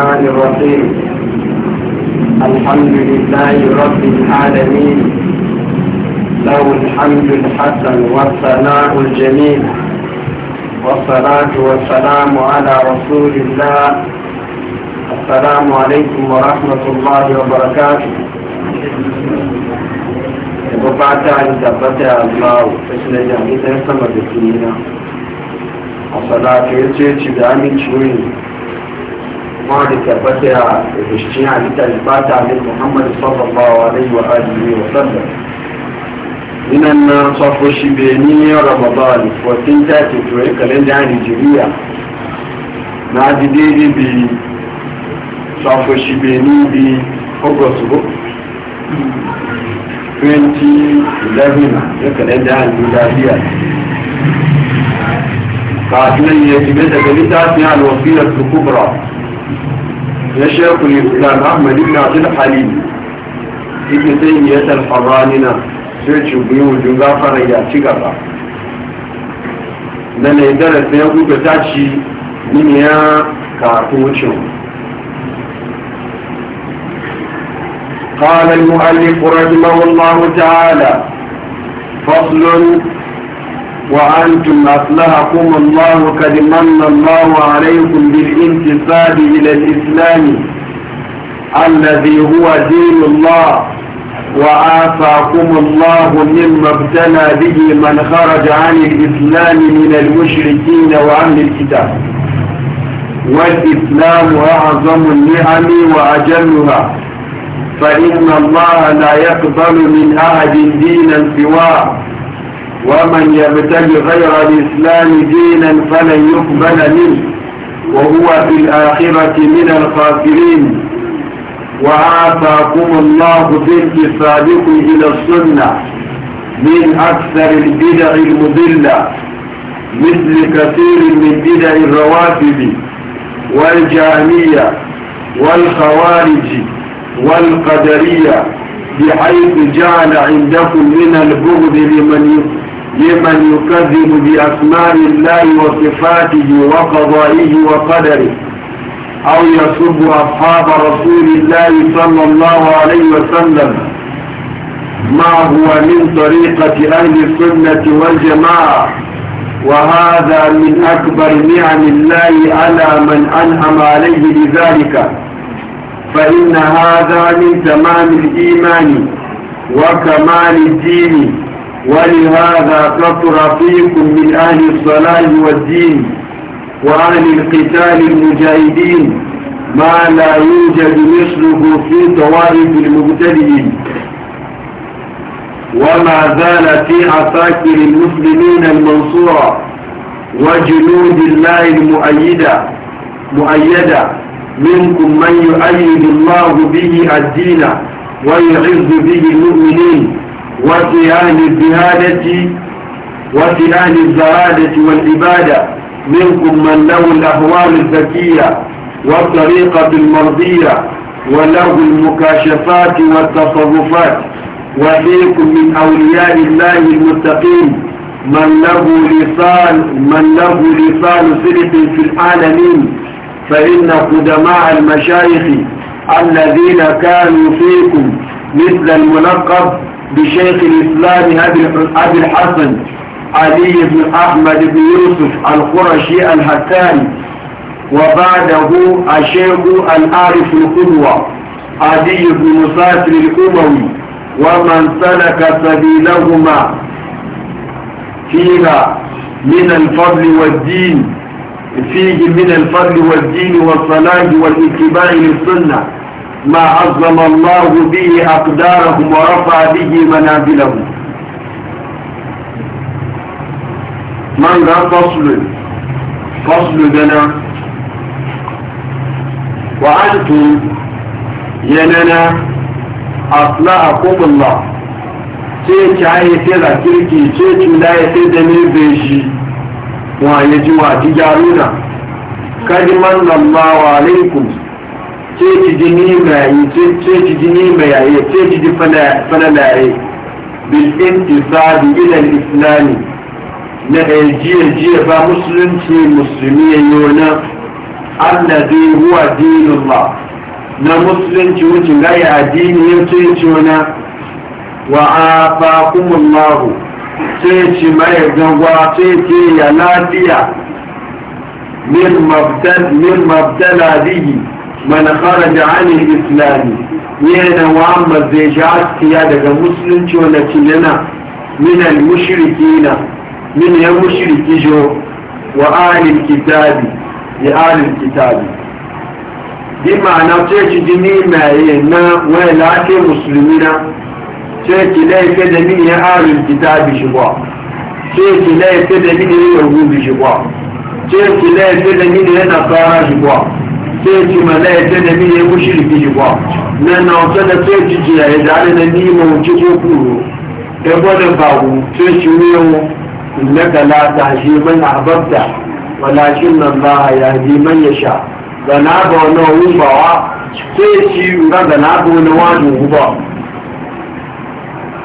الرحمن الرحيم الحمد لله رب العالمين له الحمد الحسن والثناء الجميل والصلاة والسلام على رسول الله السلام عليكم ورحمة الله وبركاته وبعد أن تبتع الله فإن جميع سمد الدنيا وصلاة يسير تدامي شويه مالك الرسل اجتناع لتالي فاتع للمحمد صلى الله عليه وآله وسلم من النصف الشبيني رمضان وثنتا تتوئك لن يعني جريا ما دي بي صف الشبيني بي حقص بك 2011 يكن لن يعني جريا قاتلين يتبتك لتاتي الوصيلة الكبرى na shekul islam ahmad ibn abdul halim ibn taymiyya al-harranina sai ci biyu jun gafara ya ci gaba na ne darasa ya gudu ta ci min ya kafocin قال المؤلف رحمه الله تعالى فصل وأنتم أصلحكم الله قد من الله عليكم بالانتساب إلى الإسلام الذي هو دين الله وآتاكم الله مما ابتلى به من خرج عن الإسلام من المشركين وعن الكتاب والإسلام أعظم النعم وأجلها فإن الله لا يقبل من أحد دينا سواه ومن يبتغي غير الإسلام دينا فلن يقبل منه وهو في الآخرة من الخاسرين وآتاكم الله بانتصابكم إلى السنة من أكثر البدع المضلة مثل كثير من بدع الرواتب والجامية والخوارج والقدرية بحيث جعل عندكم من البغض لمن لمن يكذب بأسماء الله وصفاته وقضائه وقدره أو يسب أصحاب رسول الله صلى الله عليه وسلم ما هو من طريقة أهل السنة والجماعة وهذا من أكبر نعم الله على من أنعم عليه بذلك فإن هذا من تمام الإيمان وكمال الدين ولهذا كثر فيكم من أهل الصلاة والدين وأهل القتال المجاهدين ما لا يوجد مثله في طوائف المبتدئين وما زال في عساكر المسلمين المنصورة وجنود الله المؤيدة مؤيدة منكم من يؤيد الله به الدين ويعز به المؤمنين وفي أهل الزهادة وفي أهل الزهادة والعبادة منكم من له الأهوال الذكية والطريقة المرضية وله المكاشفات والتصرفات وفيكم من أولياء الله المتقين من له لسان من له لسان صدق في العالمين فإن قدماء المشايخ الذين كانوا فيكم مثل الملقب بشيخ الإسلام أبي الحسن علي بن أحمد بن يوسف القرشي الحتاني وبعده الشيخ العارف القدوة علي بن مسافر الأموي ومن سلك سبيلهما فيها من الفضل والدين فيه من الفضل والدين والصلاة والاتباع للسنة ما عظم الله به أقدارهم ورفع به منازلهم من ذا فصل فصل دنا وأنتم يننا أطلعكم الله سيك عاية لا تركي سيك لا يتدني بيشي وعيجوا تجارنا تجارونا كلمة الله عليكم sai ki ji nima yi sai ki ji nima yayi sai ki ji falalaye bil intisabi ila al-islam na jiya jiya ba musulunci musulmi yayi wani allazi huwa dinullah na musulunci wuce gaye addini ya ce ce wani wa afakumullahu sai ci mai gangwa sai ce ya lafiya min mabdala bihi من خرج عن الإسلام يانا وعما الزيجات كيادة مسلم ونكينا من المشركين من يمشرك جو وآل الكتاب لآل الكتاب دي معنى تيش ديني ما ينا ويلاك مسلمين تيش لاي كده من يآل الكتاب جوا تيش لاي كده من يهود جوا تيش لاي كده من ينا جوا sai ci mana ya da ni ya mushriki ba nan na wata da sai ci jiya ya da da ni ma wuce ko kuro ya gwada babu sai ci wuyan innaka ta tahdi man ahbabta walakin Allah yahdi man yasha dana ba wannan ubawa sai ci ga dana ba wannan wani wani ba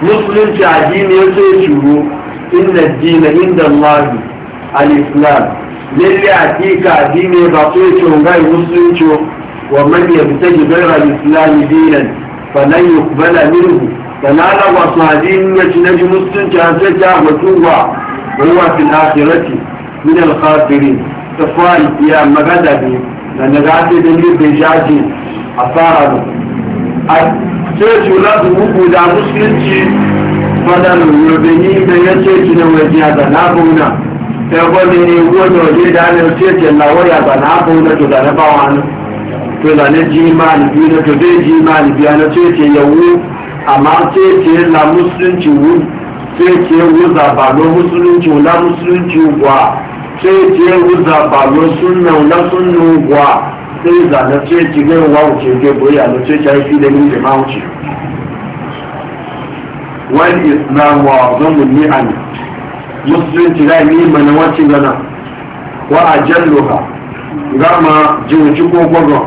musulunci addini ya sai ci inna ad-dina inda Allah al-islam lalle hakika addini ba so ya ce wanga yi musu yin ciwo wa man ya fita ji gaira islami dinan fa nan yi kubala mirhu fa na ala ba su addini ya ci na ji musu yin ciwo sai ta ba tuba ruwa fil akhirati min al khafiri ta fari ya magada bi na daga ake da yi bai jaji a fara da a ce ci wula su buku da musulunci fadalin yobini da ya ce ki na wajiya da na gona ẹgbọ́ mi ni owó ní ọjọ́ ìdáni ojú ètò ìnáwó yàgbà náà bó ní tòdà ní bá wọn tó là ní jí máa nìbí ní tòdé jí máa nìbí ẹni tó ètò ìyẹ̀wò àmọ́ wu ètò ìlà mùsùlùmí musulunci tó ètò ìwò zàbà ló mùsùlùmí wù lá mùsùlùmí wà tó ètò ìwò zàbà ló súnmẹ̀ wù lá súnmẹ̀ wà tó ìzà ní tó ètò ìgbé wà òkè ìgbé bóyá ní tó ètò ìfilẹ̀ ní ìdè máa ń wọ́n musulunci za yi mana wacin gana wa a jalluha gama jinci ko gwagwa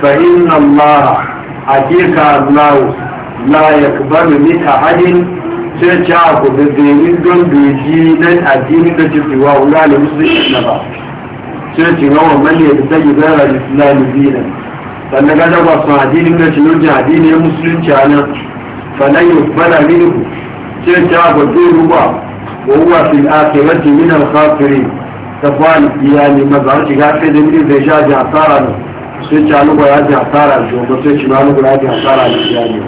fa inna allaha hakika allahu la ni min ahadin sai a ku da domin don doji nan addini da ci wa wula da musulunci na ba sai ci gawa mani da ta yi gara da islami dinan sannan gada ba su addini da ci nujin addini ya musulunci a nan fa na yi bala minihu sai ta ku da ruwa وهو في الآخرة من الخاسرين تفعل يعني مزارك غافي دمين فيشا سيتش على علوك يا جعطارا شو بسيش مالوك يا جعطارا يعني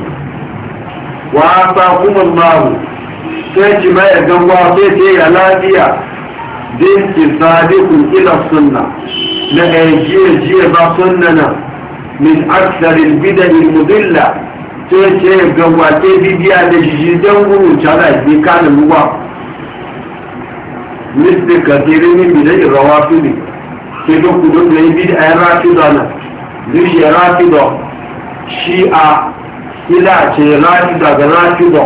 وعطاكم الله سيتش ما يقواتي على علادية دين تصادق إلى السنة لأيجير جير بصننا من أكثر البدع المضلة سيش يقواتي على لجيدان قلوك على إذن كان الوقت mesti kafirinin bile rawatu ne ke da kudu da yi bid ay rafida na bir ya rafida shi a ila ce rafida ga rafida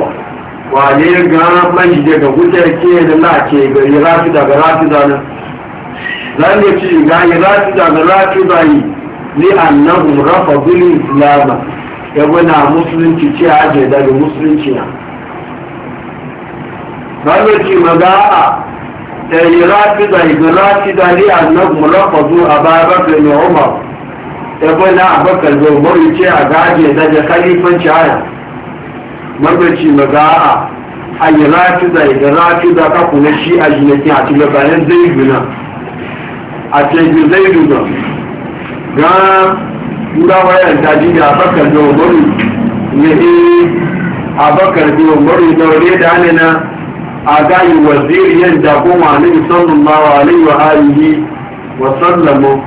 wa ne ga ban je ga gutar ke da na ce ga rafida ga rafida na dan ne ci ga rafida ga rafida yi ni annahum rafadu al-islam ya wana musulunci ce a je da musulunci na dan ne ci maga ẹ̀yìn rápìdà ìgbẹ̀ rápìdà ní ànágùn lọ́pọ̀dú àbárábẹ̀ ní ọmọ ẹgbẹ́ náà àbọ̀kẹ̀lẹ̀ òmórí jẹ́ àgáàjì ìdájẹ́ kálífẹ́ǹtì àyà mọ́gbẹ̀tì mọ̀gá àà ayẹ̀ rápìdà ìgbẹ̀ rápìdà kákùnrin sí àjìnẹ̀kì àti lọ́bàáyẹn dé ìlú náà àti ẹgbẹ̀ dé ìlú náà gan ńláwọ́ ẹ̀ dájú àbọ̀kẹ̀lẹ̀ òmórí ní àbọ̀kẹ̀lẹ̀ òmórí náà agayi waziri yan jagon wani sallallahu alaihi wa alihi wa sallamu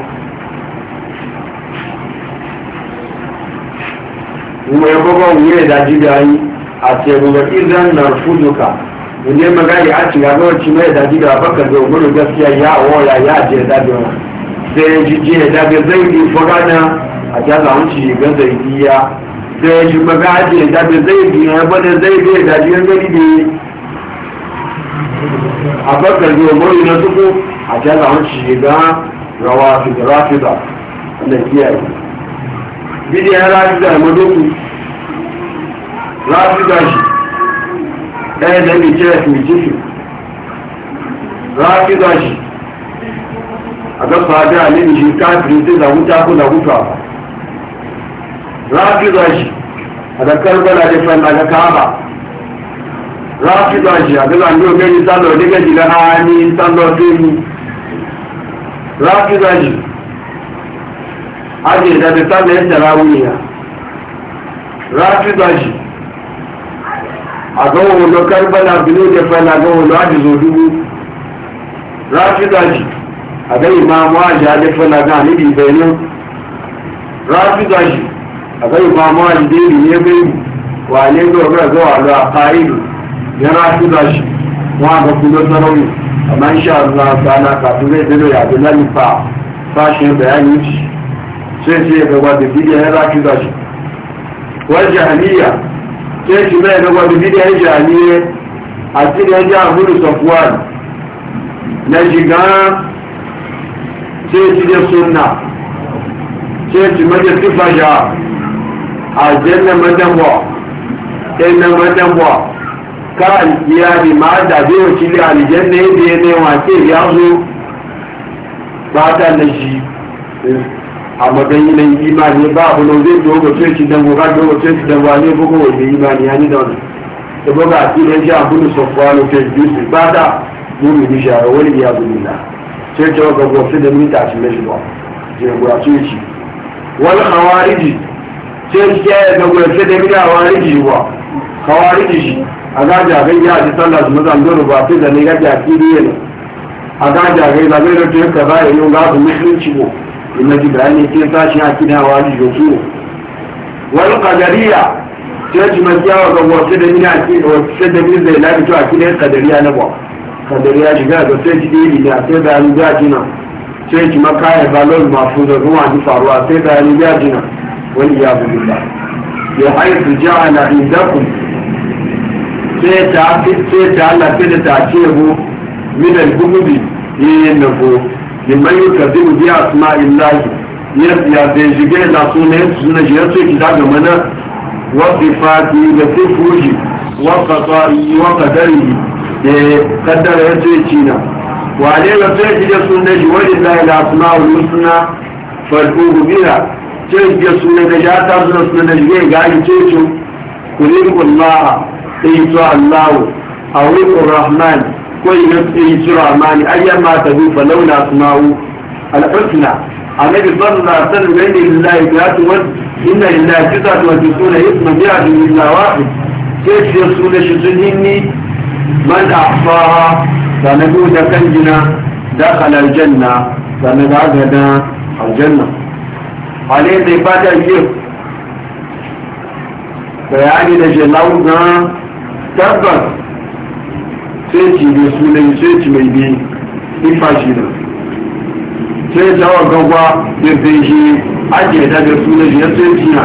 kuma ya baba wuye da yi a tebuwa izan na fuduka wunye magani a ci gaba wacce mai da jida baka da gudu gaskiya ya wola ya je da biyu sai ya ji je da biyu zai yi fogana a jaza wuce ga zai biya sai ya ji magaji da biyu zai yi biya bada zai yi da biyu gani biyu abakar yi umari na zuku a kyala wani shiga rawa rafida na kiyaye bidiyar rafida ya madoku rafida shi ɗaya da mai kira fi jifi rafida shi a ga fada a nemi shi kafin sai da wuta ko da wuta rafida shi a da karbala da fan a da kaba ráfíìsọ̀ ṣì àtúntà ní omi ní sálọ̀ nígbẹ̀jìlẹ̀ á ní sálọ̀ tó ní ráfíìsọ̀ ṣì ájì ìdájọ sálẹ̀ ẹ̀ṣẹ̀ra wúnìyà ráfíìsọ̀ ṣì àgọ́wò lọ kárúbálà bínú ìjẹfẹ́ làgọ́wò lọ àdìsọ dúró ráfíìsọ̀ ṣì àgẹ́yìn máa mú àjẹ́ àjẹfẹ́ làgọ́ àníbi ìbẹ̀ náà ráfíìsọ̀ ṣì àgẹ́yìn máa mú àjẹ́ dé ìrìn ẹgbẹ́ ìlú wà nígbà ọgbẹ́ ọgbẹ́ wà lọ àpá ìlú ya rasu da shi wọn a ga kudo sarauni amma insha Allah ta'ala kafin zai dalo ya bi lalifa sashen bayani shi sai sai ya gaba da bidiyar ya rasu da shi wani jahiliya sai shi mai gaba da bidiyar jahiliya a cikin jihar hudu safuwan na shiga sai shi da sunna sai shi majalisa ja a jannan madanwa ɗan nan madanwa káàlì kí a lè máa a òkìlẹ̀ àlìjẹ́ ní ibi ẹni wọn àti èyí áwọ́ pátá lè ṣi àmọ̀dẹ́yìn lè yí máa ní bá àbúrò orí ètò ogo tó ti dẹ̀wò ká dẹ̀wò tó ti dẹ̀wò alẹ́ gbogbo òní yí máa ní anídọ̀nà ìbọ́gà àti ilé iṣẹ́ àbúrò sọ̀fọ́ alókè ìjọsí pátá lórí ìrìṣà ọ̀wọ́ lè yá gbogbo ìlà tó jọ gbogbo fílẹ̀ mítà àti mẹ́ṣùbọ̀ ìrìnàgbò àti ìṣì wọ́n lọ́kàn wá rídì tó jẹ́ da ni mítà wá rídì wọ̀ kawari shi a gaja gai ya ji sallah su mazan doro ba fi da ne gaja fili ne a gaja gai da gai da ta yanka za a yi ga su musulunci ko in na ji bayani ke tashi a kina wa ji yosu wani kadariya sai ji makiya wa gaba wasu da ina ke da wasu da ni zai lafi to a kina yin kadariya na ba kadariya shiga ga sai ji ɗiri ne a sai da ni gaji na sai ji makayar balon masu da ruwa ji faruwa sai da ni gaji na wani ya bugu ba بحيث جعل عندكم سيتعلق في تعشيه من الجنوب لأنه لما يكذب بأسماء الله يا بيجيجي لا سنة جيرتو كتاب منا وصفاتي وصفوجي وقطاري وقدري إيه، قدر يسوي تينا وعليه لا تونين سنة جيرتو لا الأسماء الحسنى فالقوه بها تيجي سنة نجاة أرزل سنة نجاة قاعد تيجي قلق إيه الله إيسو الله أويق الرحمن كل نفس إيسو الرحمن أيما تدو فلولا أسماؤه الحسنى النبي صلى الله عليه وسلم إن لله ذات ود إن لله تسعة وتسعون اسم بعد إلا واحد كيف يصون شتنيني من أحصاها فنقول كنجنا دخل الجنة فنقعدنا الجنة ale zai fata yi bayani da shelau na tabbas sai ci da sunan sai ci mai bi ifa shi na sai jawa gagwa da sai shi ake da shi ya sai ci na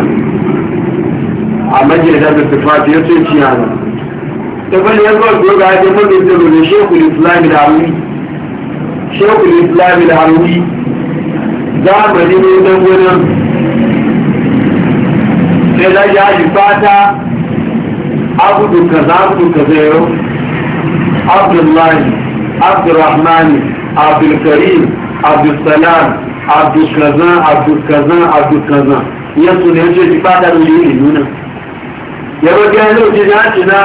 a maje da da sifati ya sai ci na ta bani ya zuwa goga ya ce mafi da shekul islami da alwi shekul islami da alwi zamani ne don gudun sai da ya ji fata abudu kaza abudu kaza yau abdullahi abdurrahmani abdulkarim abdulsalam abdulkaza abdulkaza abdulkaza ya su ne ce ji fata da yi nuna ya wajen yau ji na ci na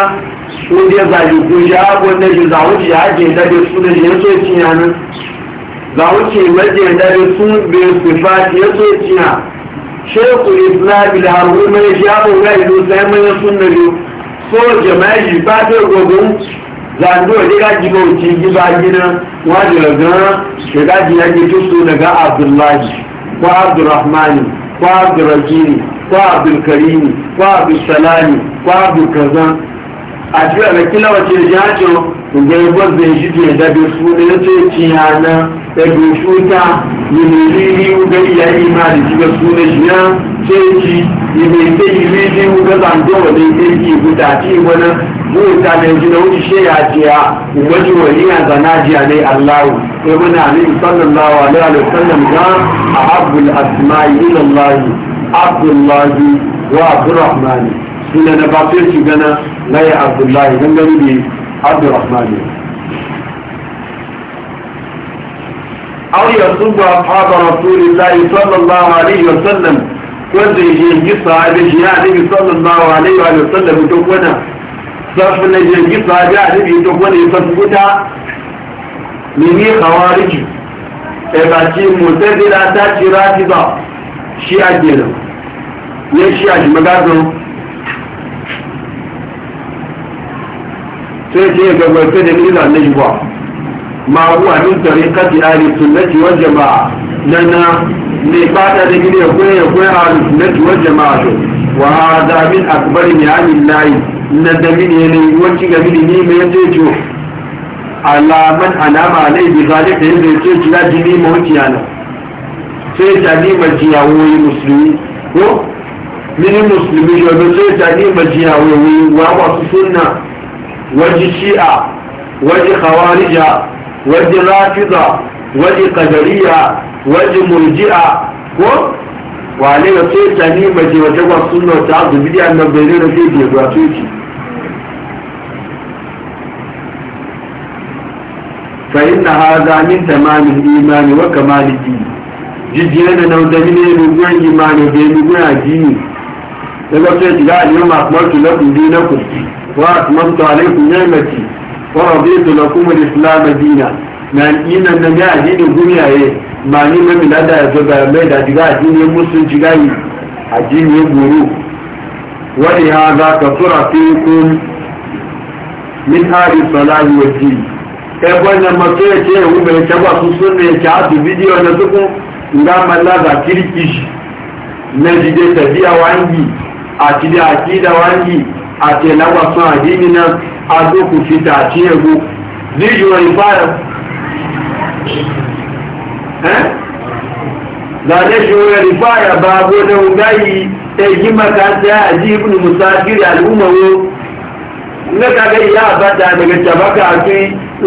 su ne zaji ko shi abuwan da shi zawon shi ake dabe su ne ya ce ci yanar za wuce maje dare sun bin sifati ya so cina sheku islam ilharu mai shi abin ga ido sai mai sun na biyu so jama'i shi ba ta gogon zando da ga jiba wuce giba gina wajen daga shiga jiya ke tuso daga abdullahi ko abdurrahmani ko abdurrahimi ko abdulkarimi ko abdulsalami ko abdulkazan a cikin alaƙila wace jihajin ǹjẹ́ gbọ́dọ̀ ìṣíjú ẹ̀dábi fún ẹlẹ́tọ́ ìtì àná ẹgbẹ̀ òṣùwọ́ta nínú rírí wúgbẹ́ ìyá ìmá àdìsígbẹ́ fún ẹ̀ṣìyá tó ti ìmọ̀ ìpé ìrí ní wúgbẹ́ bàǹdọ̀wọ̀ ní ilé ní ìbúta àti ìwọ́n náà mú nàìjíríà ó ti ṣe àti à wọ̀ ní àlẹ́ ẹgbẹ́ náà ní alẹ́ عبد الرحمن أو يصب أصحاب رسول الله صلى الله عليه وسلم wanda jirgi sahabi ya nabi sallallahu alaihi wa sallam to kwana safi na jirgi sahabi ya nabi to kwana ya san guda ne ne khawariji e ba ci mutazila ta ci rafida shi a kenan ne shi a magazo sai ce ya gabarta da nila na nashi ba ma huwa min tariqati ahli sunnati wal jamaa na ne fata da gidan ya koya ya koya ahli sunnati wal jamaa to wa hada min akbar ni'amin lahi na da min ne wanci ga min ni mai yace to alaman alama alai bi zalik da yanda yace ki laji ne mu wuci yana sai ta ni yi musulmi ko min musulmi yo sai ta ni yi wa wasu sunna وجي الشيعة وجي خوارجة وجي رافضة وجي قدرية وجه مرجئة وعلى وصير تنيمة وجه والسنة والتعاد بدي أن نبدأ في بيوغرافيتي فإن هذا من تمام الإيمان وكمال الدين جدينا نودمين نقول إيمان وبين نقول الدين لقد قلت لا اليوم أقمرت لكم دينكم وأتممت عليكم نعمتي ورضيت لكم الإسلام دينا na ina na ga addinin duniya ye ma ni ma mi lada ya zoba mai da diga addinin musulunci gayi addinin guru wani ha za ka tura fi kun min hari salahi wa dini e ẹgbẹ́ na masu ya ce ewu bai taba su sun ne ke hatu bidiyo na suku nga mallada kirkishi na jide tafiya wangi a cide akida wangi a ke lawa a gini nan a zo ku fi ta ci yago ni juwa yi fara za ne juwa yi fara ba go da ugayi ta yi maka ta yi aji ibn musa gira al'umma wo na ka yi iya ba ta daga tabaka a fi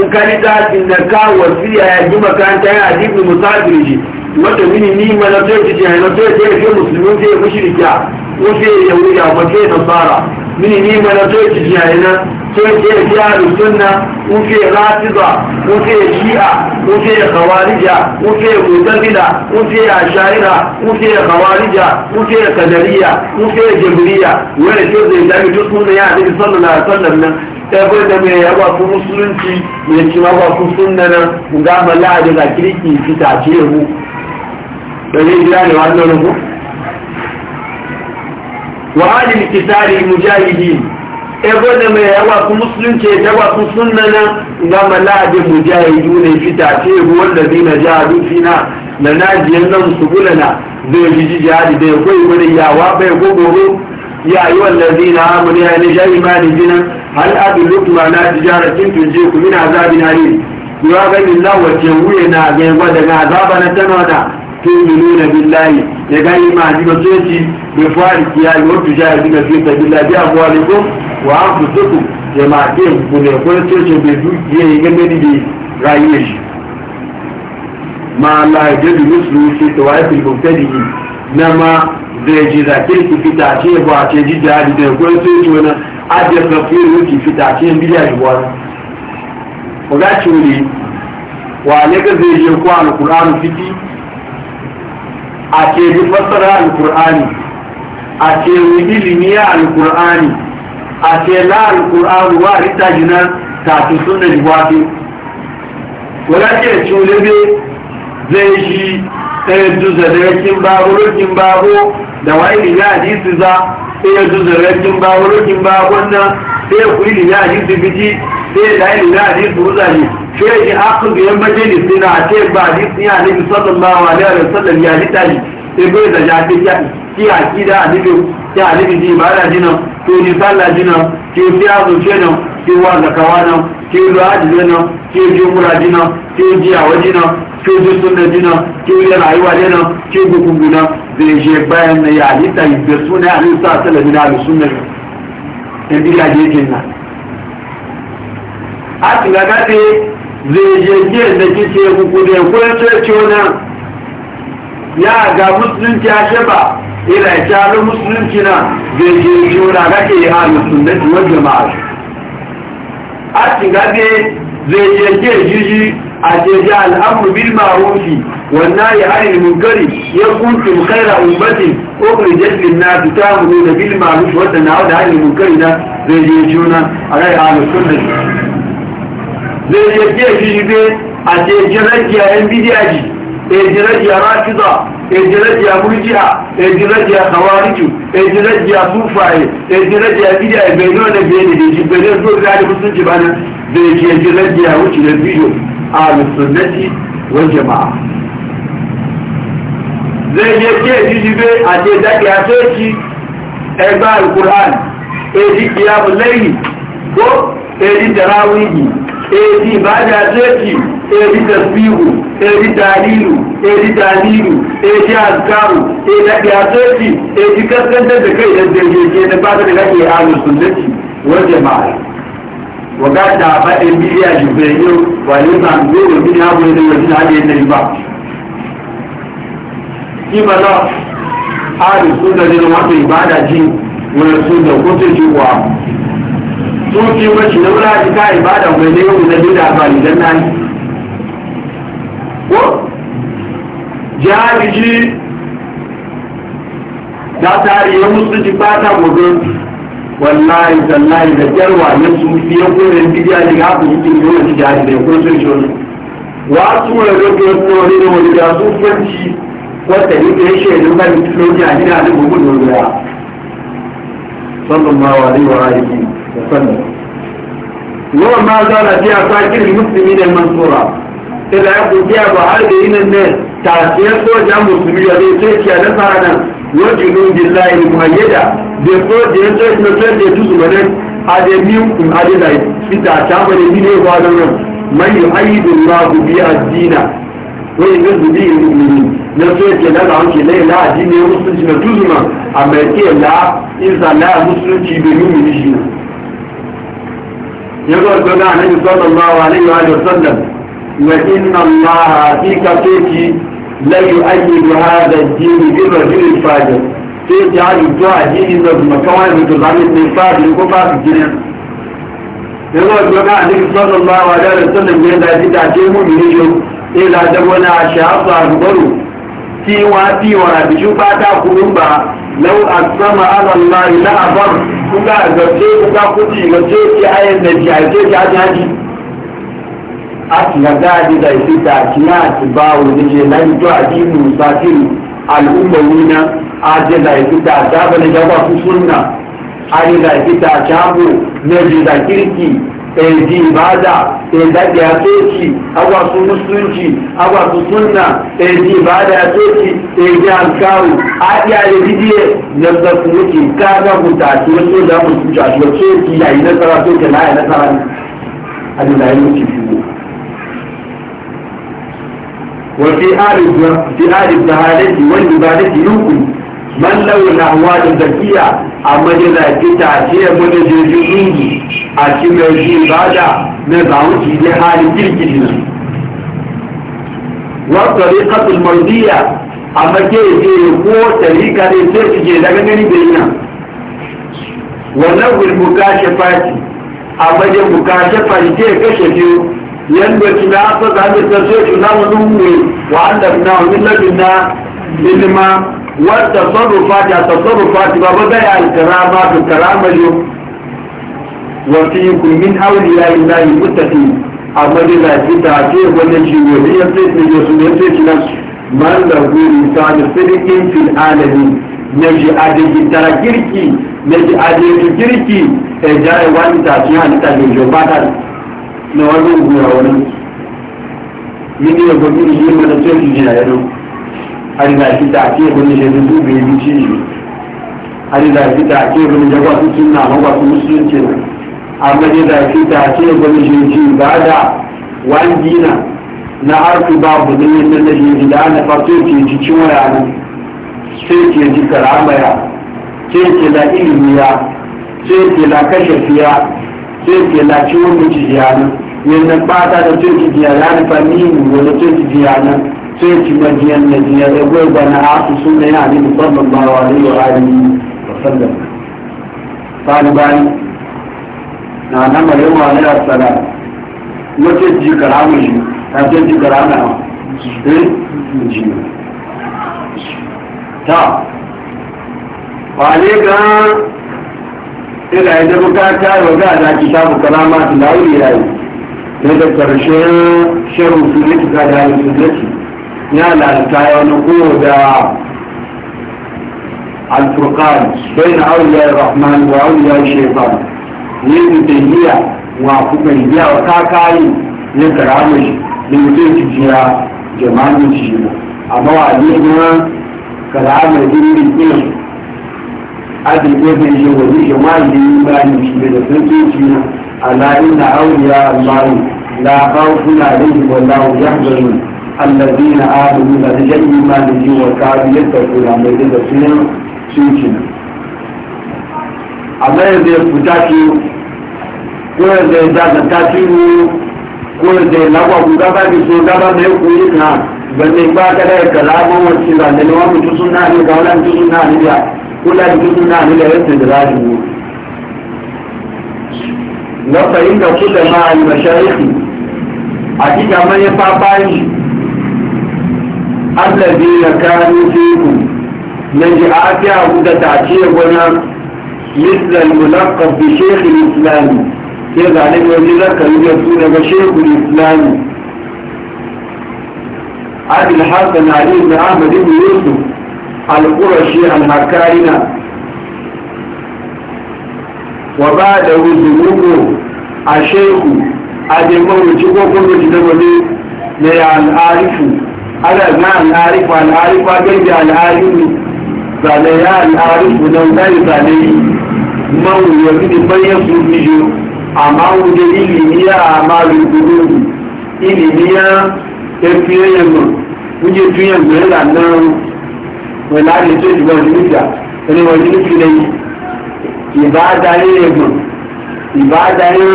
in kani ta tun da kawo wasu ya yi maka ta yi a aji ibn musa gira wanda mini ni ma na fiye jiji na fiye fiye fiye musulmi fiye mushirika ko fiye yahuda ko fiye nasara mini ni ma na fiye jiji na fiye fiye fiye alusunna ko fiye ratiba ko fiye shi'a ko fiye khawarija ko fiye mutazila ko fiye ashaira ko fiye khawarija ko fiye kadariya ko fiye jabriya wanda ke zai dami duk sunna ya nabi sallallahu alaihi wasallam nan tabbai da mai yaba ku musulunci mai cima ba ku sunna nan ga mala da kirki fita ce mu da zai jira da wani launin ku wa alil kitari mujahidin ego da mai yawa ku musulunci ya yawa ku sunnana ga mala'adin mujahidu ne fita ce wanda zai na jihadu fina na najiyar nan su bulana zai ji jihadi da ya koyi gudun yawa bai gogoro يا أيها الذين آمنوا يا نجاي ما نجنا هل أدلكم na تجارة تنجيكم من عذاب أليم يا غني الله وتجوينا غير ودنا عذابنا تنودا tu'minuna billahi ya ga imani da soci bi fa'al ya yi wato ja yi da fita billahi bi amwalikum wa anfusikum ya ma ke ku ne ko soci bi dukiya ya ga ni bi rayuwar shi ma la yajid mislu fi tawaif al-mubtadi na ma zai ji da kirki fita ce ba ce ji da da ko soci wani ajiyar da fi fita ce bidiya ji ba ko ga ciwo ne wa ne ga zai je ko al-qur'an fiti a ke bi fassara alkur'ani a ke ilimi ya alkur'ani a ke la alkur'ani wa rita jina ta tusun da jiwafi wala ke cule zai shi ɗaya da yakin babu babu da wa'ili ya hadisi za ɗaya juzarrakin baburukin babun nan ɗaya kuili ya hadisi biji ɗaya da ili ya hadisi ne shi ya akun da yan majalis ne na ce ba hadisi ya nabi sallallahu ba wa sallam ya hadita ne bai da ya fi ki da a nufin ya nabi ba da jinan to ni sallah jinan ki fi zuce nan ki wa zakawa nan kí o lo àdìlẹ́ náà kí o di òkúra dínà kí o di àwọ̀ dínà kí o di súnlẹ̀ dínà kí o yẹra àyíwá dínà kí o gbogbo náà bẹ̀rẹ̀ ṣe gbá ẹ̀mẹ̀ yà níta ìgbẹ́ súnlẹ̀ àlùsọ àtẹlẹ̀ nínú àlùsúnlẹ̀ ẹ̀bí àjẹ́ ìdènà. a ti gàgá pé bẹ̀rẹ̀ ṣe gbé ẹ̀mẹ̀ títí egungun rẹ̀ kó ẹ̀ṣọ́ ẹ̀ṣọ́ náà yà àga mùsùlùmí aṣẹ́bà ìlà ìṣàlọ́ mùsùlùmí náà bẹ̀rẹ̀ ṣe ìṣòro àgákẹ́ a shiga zai yake jiji a jeji al'amru bil ma'rufi wannan ya hari munkari ya kuntu khaira ummati ko kurjet lin nas ta'muru bil ma'ruf wa tanawu da hari munkari da zai je juna a rai ahlus sunnah zai yake jiji be a jeji rakiya yan bidiyaji ejilajiya rafiza ejilajiya murjiya ejilajiya khawariju ejilajiya sufaye ejilajiya bidiya bai nuna da biye da shi bai nuna zuwa gani musulunci ba nan bai ke ejilajiya wuce da biyu a musulunci wa jama'a zai je ke jijibe a ce daɗi a soci ẹgbẹ́ alukur'an èdè kìyàmù lẹ́yìn kó èdè tẹ̀ráwìyì èdè ìbájá déèkì èdè tẹ̀síwù èdè dàlílù èdè dàlílù èdè àgbàrù èdè àdéèkì èdè kaskantar da kai da dangege na ba da kake ahlus sunnati wal jama'a wa ga ta ba da biya jubeyo wa ne ba da bin abu da wani hadi ne ba ki ba la ahlus sunnati da wata ibada ji wani sunna ko ta ji wa sufi mashi na wula shi ta ibada mai ne yau na bida ba ni dan nan ko jami'i da tari ya musu ji fata gobe wallahi tallahi da jarwa ya sufi ya kore bidiya ne ga ku yi yau shi jami'i da ko sun shi wani wasu wani rage wani ne wani da sufanci wata ne da ya shaidu kan lokaci a gida da gugu dogara sallallahu alaihi wa alihi yau ma za ka fiya sakin musulmi ne mansura sai da ya kuke a ba har da yinan ne tafiya soja musulmi a zai sai ki a nan fara nan yau ki zo ji layi yadda da ko da ya sai kuma sai da tutu ba nan a da miyu kun a da layi da ta ba da yi ne ba da nan mai yi ayyubi ma ku bi a zina wani na zubi yi musulmi na sai ki na zama ki layi na addini ya musulmi na tutu a mai ke la insa na musulmi bai yi musulmi يقول كنا النبي صلى الله عليه وآله وسلم وإن الله في كفيك لا يؤيد هذا الدين بالرجل الفاجر في تعالي الدعاء دين النظمة كوانا في تزعمي الفاجر يقول فاق الجنين يقول كنا النبي صلى الله عليه وسلم يقول كنا النبي صلى الله عليه وسلم في واتي ورا بشوفاتا قلوبا lau asama ala Allah la abar kuka zarce kuka kuji mace a ayin da ki ake ki aji haji asna gadi da isi da kina ti bawo ne ke nan to aji musafiri al'ummawina aje da isi da azaba ne ga ku sunna aje da isi da jabo ne da kirki eji ibada edaji atoci agwasu musulunci agwasu sunna eji ibada atoci eji alkawu adiya da bidiye na zafi muke kaga guta ce wasu da musulunci a shiwa ce yayi nasara to ke laye nasara ne a da laye muke shigo وفي آل الزهادة والعبادة يمكن man lau na hawa da zakiya a majina kita ce mu da jirgin ingi a cikin shi ba da na zamu ci da halin kirkiri na wa tariqatu al-mardiya amma ke ce ko tariqa ne sai ki je daga gani da yi ina wannan a maje amma je mukashafa ke kashe biyu yanda kina aka zabe sai kina wani wa annabna min ladina ilma والتصرفات التصرفات وبدأ الكرامات الكرامة وفيكم من أولياء الله المتقين أما إذا كنت عتيه ونجي ولي يفتتني يسوع يفتتنا من له لسان صدق في العالمين نجي أدي تركيركي نجي أدي تركيركي إجاء وانتا جهان تجيجو باتا نوالو بنا ونجي من يقول لي يمنا تجيجي alila kita ake wani shirin su bai yi ci ne alila kita ake wani jagwa su suna mawa su musulunci ne amma ne da kita ake wani shirin ci ba da wani na harfi babu ne yadda na shi da ana fato ke ji ciwon yana sai ke ji karamaya sai ke la ilimiya sai ke kashe fiya sai ke la ciwon mutu jiyanu yadda ba ta da sai ke jiyanu fani ne wanda sai ke jiyanu سيتي مدينة مدينة يقول بنا عاصي سنة يعني صلى الله عليه وآله وسلم طالبا نعم يوم عليه السلام وتجي كرامة تجي كرامة ta wane ga ila ya zama ka kayo ga da ki samu kalama su da wuri yayi da da karshen shirin نال الكاية ونقود الفرقان بين أولياء الرحمن وأولياء الشيطان يمتن هي وفقن هي وكاكاي يكرامش لمتن تجيها جمال تجيها أما وعليهما كلام الدين بالإيه أدل إذن جوالي جمال دين مالي بشبه لفن تجيها ألا إن أولياء الله لا خوف عليهم ولا هم يحزنون الذين آمنوا لدي إيمانه وكانوا يتقون عن بيت الدين سيكنا amma yanzu ya fita ki ko yanzu ya jazanta ki ne ko yanzu ya lagwa ku gaba ki so gaba mai ku yi na banne ba ka da kalaman wacce ba ne wa mutu suna ne ga wani mutu suna ne da kula mutu suna ne da yadda da zaji mu na fahimta kusa ma al-mashayikh a cikin manyan fafayi الذين كانوا فيكم نجعات هدى تعشير ونا مثل الملقب بشيخ الإسلام يضع عليك وجدك يجسون بشيخ الإسلام عبد الحسن علي بن أحمد بن يوسف القرشي الهكاينة وبعده ذنوبه الشيخ أدمه وشكوه كل جنبه ليعن عارفه alàgbà àlàárífò àlàárífò agbẹ́jẹ àlàárífò sàlẹ̀yà àlàárífò náà láì sàlẹ̀ yìí máa wù yọ sí ti bẹ́yẹ̀ fún mi yọ àmà wù dé ìlì níyà àmà rẹ̀ gbogbo ìlì níyà efi ẹ̀yẹ̀ mọ̀ wúnyẹ tún yẹn gbẹ̀ là náà wẹ̀ láti tó ìdìbò ìdìbò ìjà ẹni wọ́n ti ní fi lẹ́yìn ìbá darí ẹ̀ mọ̀ ìbá darí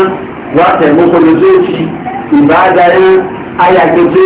wà tẹ̀ mọ́kànlẹ̀ tó ti ìbá darí ayàgbẹ̀ tó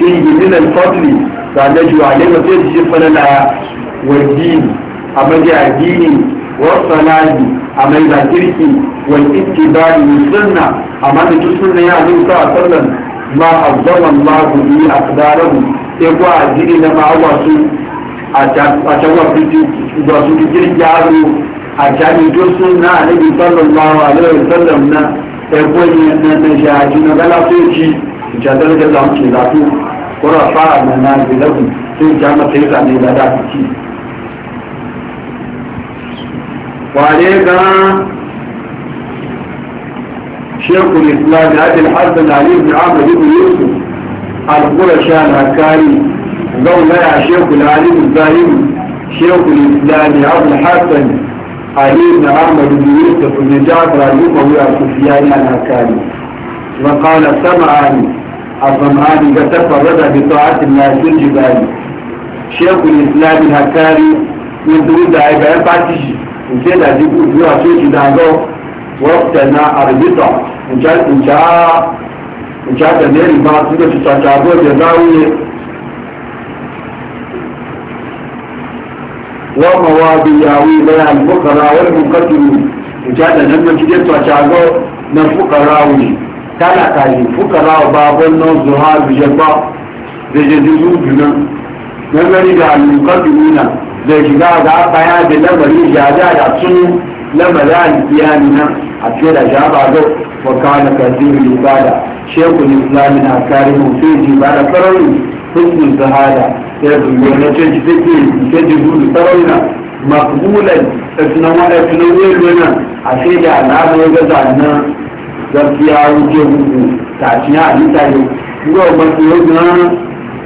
sun yi minan fadli da na juwa ne ba sai shi fana na wa dini a maji a dini wa salali a mai da kirki wa iske ba ni sunna a mani tu ya zo ta sallan ma azaman ma ku yi a tsadarar sai ku a jini na ma awa su a can wa fiti ba su fiti a can yi tu sunna a nabi sallan ma wa alaihi sallan na ɗaya ko ne na shahaji na galafoci. ìjàdọ́rẹ́ jẹ́ láwọn kì í láti kọ́rọ̀ fáà nana ìlẹ́gùn tí ìjà mọ̀ tí ìjà ní ìlàdà àkìkì. wàlé gan-an شيخ الإسلام أبي الحسن علي بن عمرو بن يوسف القرشي العكاري قولنا يا شيخ العليم الزاهد شيخ الإسلام أبو الحسن علي بن عمرو بن يوسف بن جعفر الأموي السفياني العكاري وقال سمعان الظمآن إذا تفرد بطاعة الناس الجبال شيخ الإسلام الهكاري من دون دائبة يبعتش كان جيبوا أدوى سوشي دانغو وقتنا أربطة إن شاء إن شاء إن شاء تنيري ما في تتعبوا جزاوية ياوي بيع المقرى الفقراء إن شاء لما جدت وشعبه من فقراوي talaka yi fukara babon nan zuha biyarba da jajiyu junan gangari da alukar duniya da shiga ga baya da lamarin jaja da sun lamarin alkiyani nan a fiye da shaba ga wakana kasirin ibada shekul islamin a kari mutum ji ba da sarari husnul zahada ya zuwa na canji take ke jibu da sarari na makbulan da sunan waɗansu na wuyar a fiye da alamun gaza nan gaskiya wuce hudu tashin halitta ne yau ba su yau na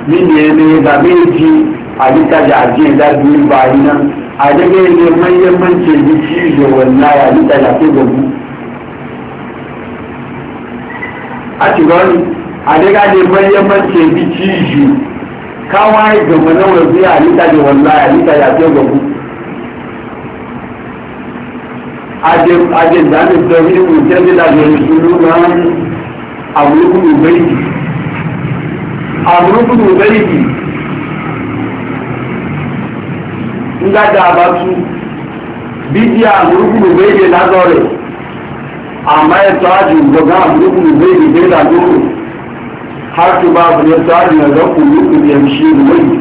mini ne da meji halitta da ajiye da biyu bayi nan a daga ne manyan mance da cizo wallahi halitta da ke gabu a cikin a daga ne manyan mance da cizo kawai gaba na wasu halitta da wallahi halitta da ke gabu ajẹ́gbàmí sọ bí mo jẹ́ nílànà ìṣúná máa ń àbúrúkúrú méjì àbúrúkúrú méjì ńlájà àbátú bí i àbúrúkúrú méjì lásọ rẹ̀ àmá ẹ̀tọ́ àjò ìgbọ̀gán àbúrúkúrú méjì délà lóòrò hátù bá àbúrú ẹ̀tọ́ àjò ẹ̀lọ́kùnrin òkùnrin ẹ̀mṣẹ́ ìwọ̀nyí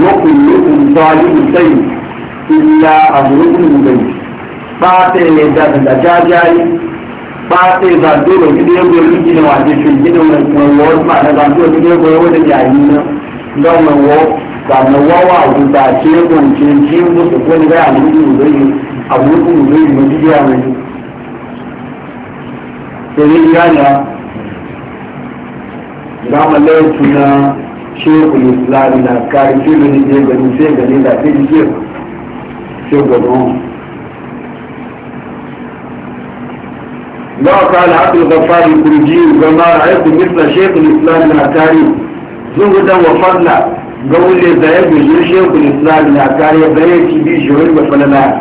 wọ́kùnrin òkùnrin tọ́ àjò ìsẹ́yìn ìlà àbúrúkúrú méjì ɓata ne da da jajayi ɓata da dole ki da yau ki gina wace shi gina mai koyo ma da da dole ki da koyo wanda ya yi na ga mai wo ga na wawa ku da ce kun ce ji musu ko ne ga mu ji mu yi abu ku mu yi mu ji ya mai to ne ya na ga mallai tuna shekul islam na karfi ne da وقال عبد الغفار الكردي وما رأيت مثل شيخ الإسلام العكاري زهدا وفضلا قول لي زيد يجير شيخ الإسلام العكاري بيتي بي شهر وفلنا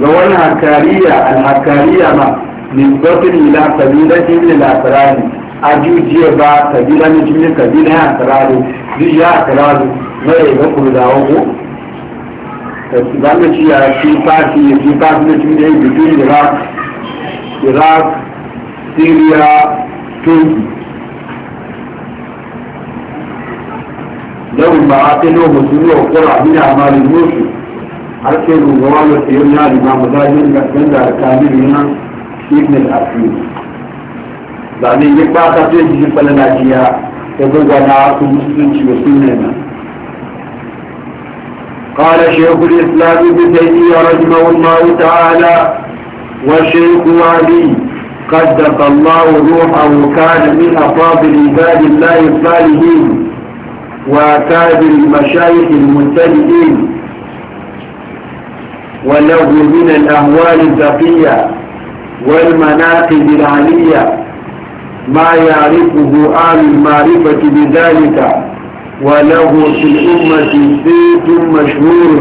قول العكارية العكارية ما نسبة إلى قبيلة من الأسرار أجو جيبا قبيلة من قبيلة أسرار دي أسرار ما يبقى كل zane ci a fi fasi ya fi fasi na cikin yin bikin iraq iraq syria turkey لهم معاتل ومسؤولية وقرع من أعمال الموسى حتى الوضوان والسيرنا الإمام مزاجين لأسفن دار كامل هنا ابن الأخير بعدين يبقى تطير جيب فلنا جيا يقول وانا أعطوا مسلم شبسين هنا قال شيخ الإسلام ابن تيمية رحمه الله تعالى والشيخ علي قدس الله روحه كان من أفاضل عباد الله الصالحين وأكابر المشايخ المبتدئين وله من الأهوال الزكية والمناقب العالية ما يعرفه أهل المعرفة بذلك وله في الأمة بيت مشهور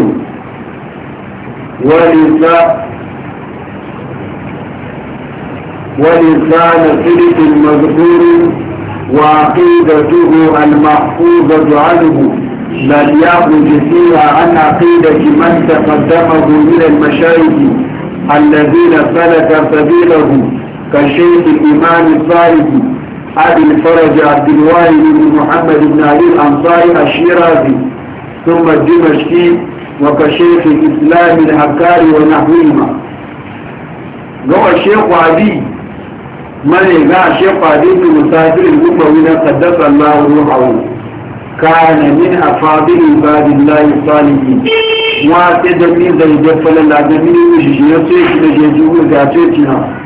ولسان فلك مذكور وعقيدته المحفوظة عنه بل يأخذ فيها عن عقيدة من تقدمه من المشايخ الذين سلك سبيله كشيخ الإمام الصالح أبي الفرج عبد الوالد بن محمد بن علي الأنصاري الشيرازي ثم الدمشقي وكشيخ الإسلام الحكاري ونحوهما قال الشيخ عدي من يقع الشيخ عدي بن مسافر الأموي قدس الله روحه كان من أفاضل عباد الله الصالحين وأعتقد من ذلك فلا لا من يجي يصيح لجيجوه ذاتنا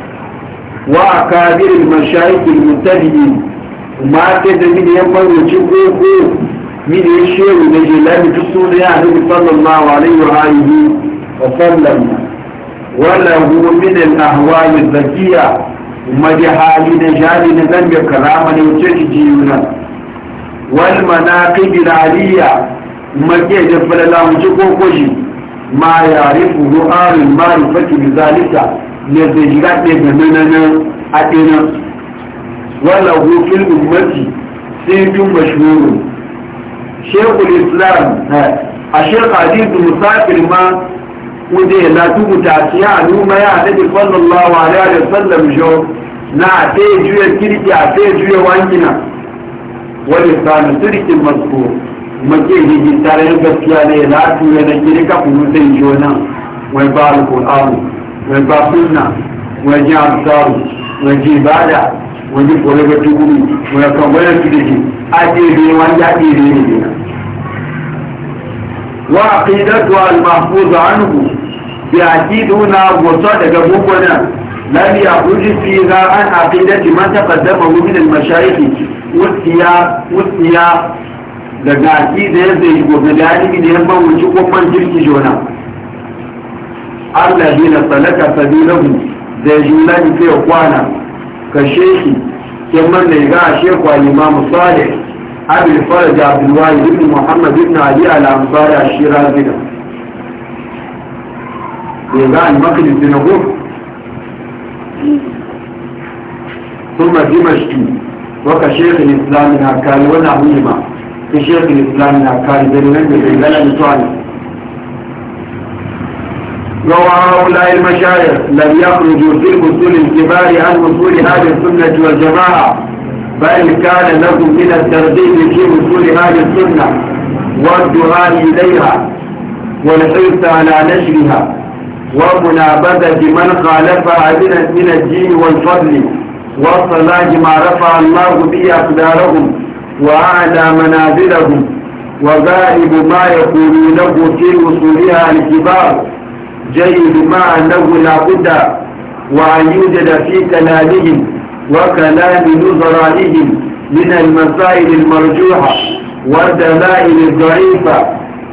وأكابر المشايخ المنتهين ما من يمن وشكوكو من الشيء ونجلان تصول يعني صلى الله عليه وآله وسلم وله من الأهوال الذكية ومجحال نجال نزم كرامة وتشجيونا والمناقب العالية مجيء جفل الله وشكوكوشي ما يعرفه آل المعرفة بذلك لذي جلات لذناننا أتنا وله في الأمة سيد مشهور شيخ الإسلام الشيخ عزيز المسافر ما وده لا تبتع سيان وما يعني صلى الله عليه وسلم جو نعطي جوية كريتي عطي جوية وانجنا ولسان ترك المذكور mace ne ke tare da gaskiya ne na tuya na kirka kuma sai jona wai ba alƙur'ani wọ́n gba súnà wọ́n jẹ́ àbúsáwò wọ́n jẹ́ ìbáàdà wọ́n jẹ́ pọ̀lẹ́gbẹ́ tó kúrú wọ́n kàn gbọ́dọ̀ tó dèjì àti èdè wọn já sí èdè èdè náà. wọ́n daga gbogbo náà لم a فيها عن عقيدة ما تقدمه من المشايخ والسياق والسياق daga aki da ya zai gobe da ya da ya bambanci ko man Allah zai na salaka ta bi na da juna ni sai kwana ka sheki kin man ne ga sheku al imam salih abul faraj abul wali ibn muhammad ibn ali al ansari ashirazi da ne ga al makdis bin abu kuma dimashki wa ka sheikh islam na kai wala hima ka sheikh islam na kai da ne ne ga al salih روى هؤلاء المشايخ لم يخرجوا في اصول الكبار عن أصول أهل السنة والجماعة بل كان لهم من الترغيب في أصول أهل السنة والدعاء إليها والحرص على نشرها ومنابذة من خالفها من الدين والفضل والصلاة ما رفع الله به أقدارهم وأعلى منازلهم وغالب ما يقولونه في وصولها الكبار جيد مع أنه لا بد وأن يوجد في كلامهم وكلام نظرائهم من المسائل المرجوحة والدلائل الضعيفة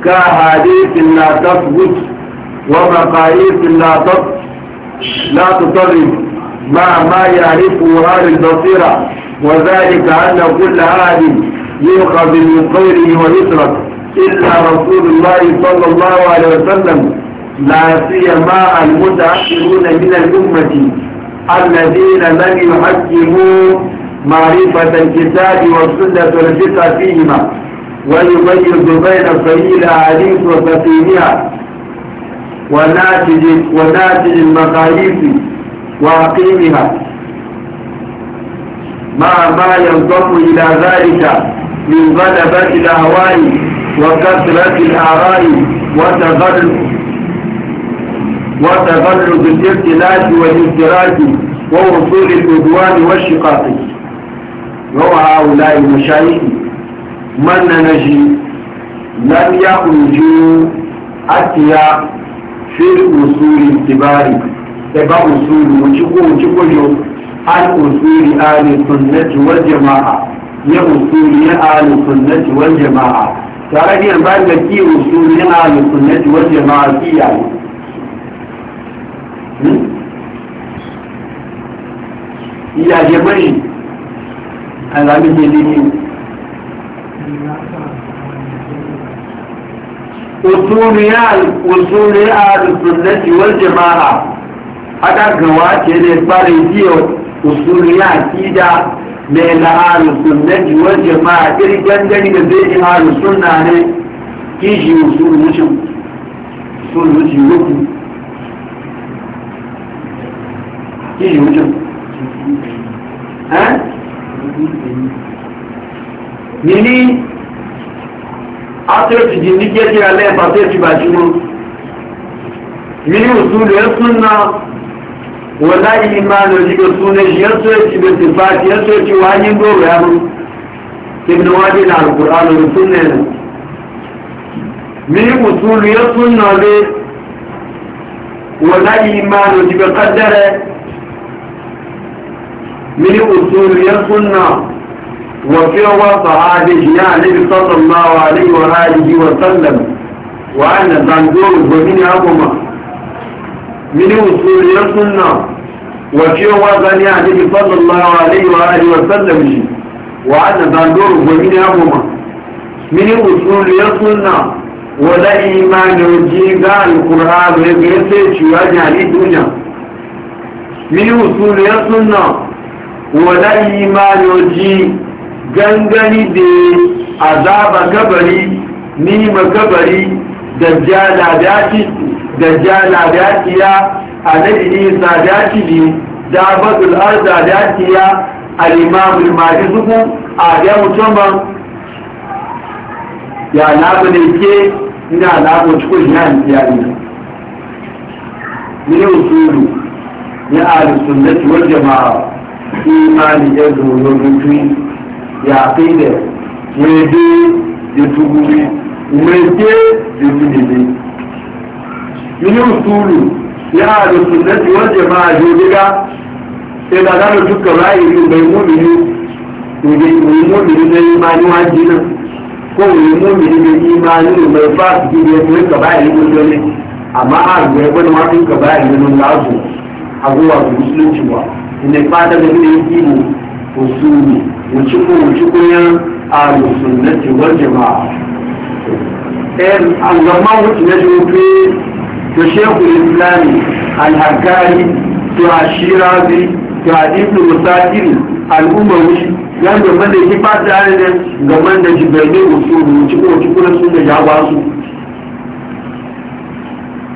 كأحاديث لا تثبت ومقاييس لا تثبت لا تضرب مع ما يعرفه أهل البصيرة وذلك أن كل عالم يؤخذ من قوله ويترك إلا رسول الله صلى الله عليه وسلم لا سيما المتأخرون من الأمة الذين لم يحكموا معرفة الكتاب والسنة والفقه فيهما ويميز بين صحيح الأحاديث وفقيهها وناتج وناتج المقاييس وعقيمها مع ما ينضم إلى ذلك من غلبة الأهواء وكثرة الآراء وتغلب وتغلب الارتلاف والانفراج ووصول الادوان والشقاق وهو هؤلاء المشايخ من نجي لم يخرجوا أتيا في الأصول الكبار تبع أصول وشكو وشكو عن أصول أهل السنة والجماعة يا أصول يا أهل السنة والجماعة ترى بعد كي أصول أهل السنة والجماعة يعني iyaye bari a zami ke liki usuri a sunnati wal jama'a aka gawa ce ne fara biyo usuri kida mai la'arin sunnati wal jama'a irin gangani da zai yi harin sunna ne kishi usuri wucin rukun Değil mi hocam? He? Nini atıyor cinlik yeti yerle yapatıyor ki başını. Nini usulü yapsınla wala iman oji ko sunne shi yaso ki be sifat yaso ki wajin do ya mu ibn wajin na alquran wa sunne mi usul yasunna le wala iman oji be من أصول السنة وفي وصحابه يعني صلى الله عليه وآله وسلم وأن زنجور ومن أبوما من أصول السنة وفي وزن يعني صلى الله عليه وآله وسلم وأن زنجور ومن أبوما من أصول السنة ولا إيمان وجيغا القرآن ويغيث شواج عليه الدنيا من أصول السنة ma yoji gangani da azaba kabari nima kabari dajjala da a annabi isa da tiye da batul arda da tiya al-imamul majizuku a ga mutumin ya labu ne ke ina labu cikin yan ni ne usulu ya ahlus sunnati wal jama'a tí máàlì ẹ̀dùn lójútú yàtí ilẹ̀ wéde ètùgbùmí wéde ètùgbùmí. inú sùúrù yáà lòsùn lẹ́tì wọ́n jẹ̀ máa yọ nígbà ìdàdá lójú kẹ̀lá ìlú mẹ́múmi ní ìmúmi ní ìmá níwájú náà kó ìmúmi ní ìmá nínú mẹ́fà sí ìlú kẹ̀lá ìlú lọ́lẹ́ àmọ́ àgbẹ̀ ẹgbẹ́ ni wọ́n fi kẹ̀lá ìlú lọ́lẹ́ àgùn àgùn àgùn mùsùlùmí wà ne fata da ne yi mu usuli mu ci ko mu ci ko yan ahlu sunnati wal jamaa en allama wuce na jobe to shehu islami al-hakari to ashirazi to ibn musajir al-umawi yan da man da ki fata ne ga man da jibril usuli mu ci ko ci ko sun da ya ba su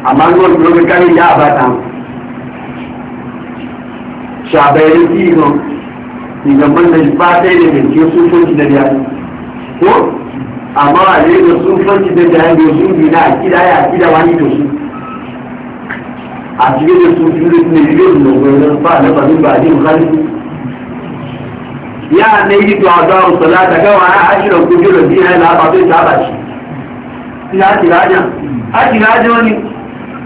amma ne wani lokacin ya ba ta yi shabayin ihun shugaban da ba ta yi da gaske sufanci da biya ko amma a yi da sufanci da biya da sun bi na akida ya akida wani da su a cikin da sun fi rikin da biyu da gwamnan fa na faru ba ne muhalli ya ne yi to azaru salata gawa ya ashirin kujerar biya ya lafa zai taba shi ina tirajan a tirajan ne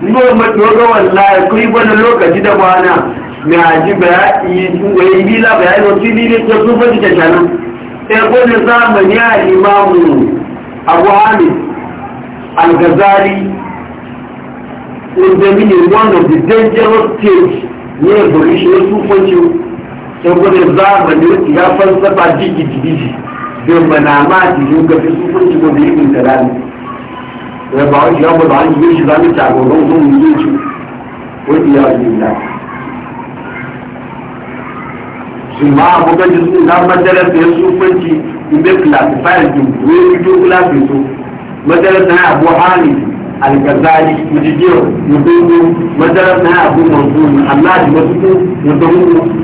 ni ba mutu ga wallahi kai wani lokaci da bana mai aji bayani la bayani wasu ne ta su fashi ta shanan ɗaya ne zamani a limamu abu hamid al-gazali wanda mini one of the dangerous things ne bari shi na sufanci ɗaya kwanin zamani ya falsafa jiki jiki bai mana ma jiyo ga fi sufanci ko da yi min da rani ya ba wani ya ba da an yi shi zami ta gogon zuwa yi ci ko iya yi da suma abubuwa da su na madarar da ya sufanci bai classifier da wani fito classifier su madarar na abu hali alkazari mujijiyar mutumbu madarar na abu mazu allah da mazuku mutumbu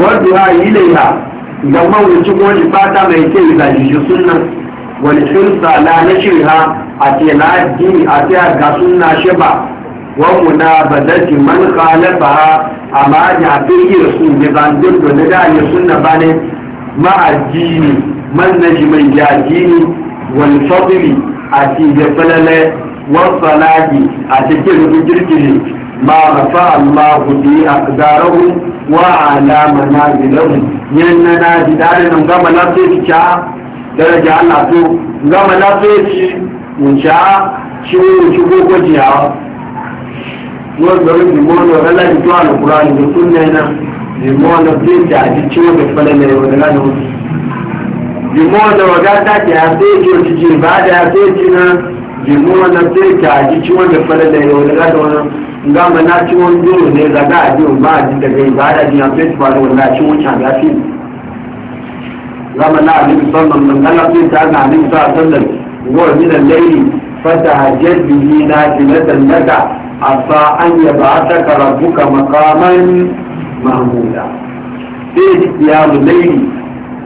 wadda ha yi laiha ga mawuce ko wani fata mai ke yi zaji shi sunna wani shirsa na na shirha a ke na dini a ga sunna shi ba ومنابذة من خالفها أما جعفيه رسول نبان بباندر ونجا يسن بانه مع الدين من نجم جاجين والفضل أتي جفلل والصلاة أتكر بجرجه ما رفع الله به أقدارهم وعلى منازلهم يننا جدار نمغم لا تشاء درجة الله تو نمغم لا تشاء ونشاء شو شو بوجهه yóò lórí ìmọ̀ọ́nà ọ̀rẹ́lájújọ́ da àlùkù tó lẹ́nà ìmọ̀ọ́nà bíléèdì àti tí wọ́n bẹ̀rẹ̀ fẹ́lẹ́ lẹ́yìn ọ̀rẹ́ lánàá oṣù. ìmọ̀ọ́nà ọ̀gá wani àbẹ́ẹ̀dì òjijì ìbáàdà àbẹ́ẹ̀dì náà ìmọ̀ọ́nà bíléèdì àti tí wọ́n bẹ̀rẹ̀ fẹ́lẹ́ lẹ́yìn ọ̀rẹ́ lánàá ngama na ci wani dole ne zaga a biyu ba a daga ibada ne a festival wanda ci wani a gafi zama na alibi sallan nan kana fi ta na alibi sallan wa min al-layli fata hajjat biyu na tilatan laka عسى أن يبعثك ربك مقاما محمودا في قيام الليل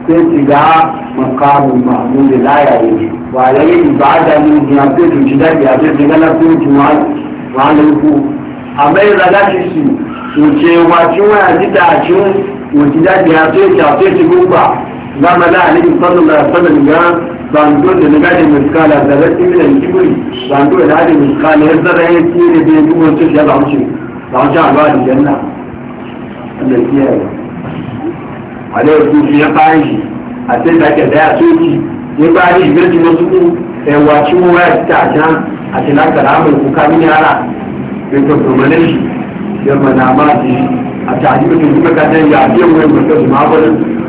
في اتجاه مقام محمود لا يعيش وعليه بعد من يعطيك الجدال يعطيك غلط وعلى الفوق أما إذا لا تشي وشيء وشيء وشيء وشيء وشيء وشيء وشيء وشيء ba ma za a nufin da alaihi da na gadi mai da rashi min kibri ba mu da alikin mai ya zara ya ci ne da duk wani shi ya ba mu shi ba mu ta ba da janna Allah ya yi a da ya shi a sai da ke da ya so ki shi ku mu ya ta ta a tana karamar ku kamin yara da ka turmane shi ya na ma shi a ta yi mutum kuma ka dan ya biyan wani mutum ma ba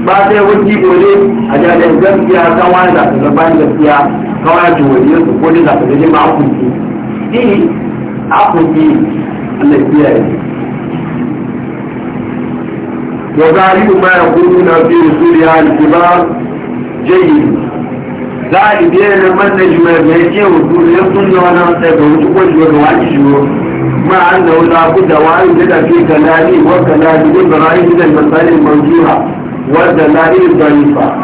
ba sai wani gole a jami'ar gaskiya kan wani zafi na da gaskiya kan wani zafi wani yanzu ko ne zafi da jima akunci ni akunci Allah ya yi. wa zari ku ma yakutu na fi rasuli ya alkiba jayyid zari biye na man na jima ya ke wutu ya sun zama na sai ga wutu ko da ga wani jiwa ma an da wuta da wani jika ke kalali wa kalali ne ba ra'ayi jidan masalin manzura والدلائل الضعيفة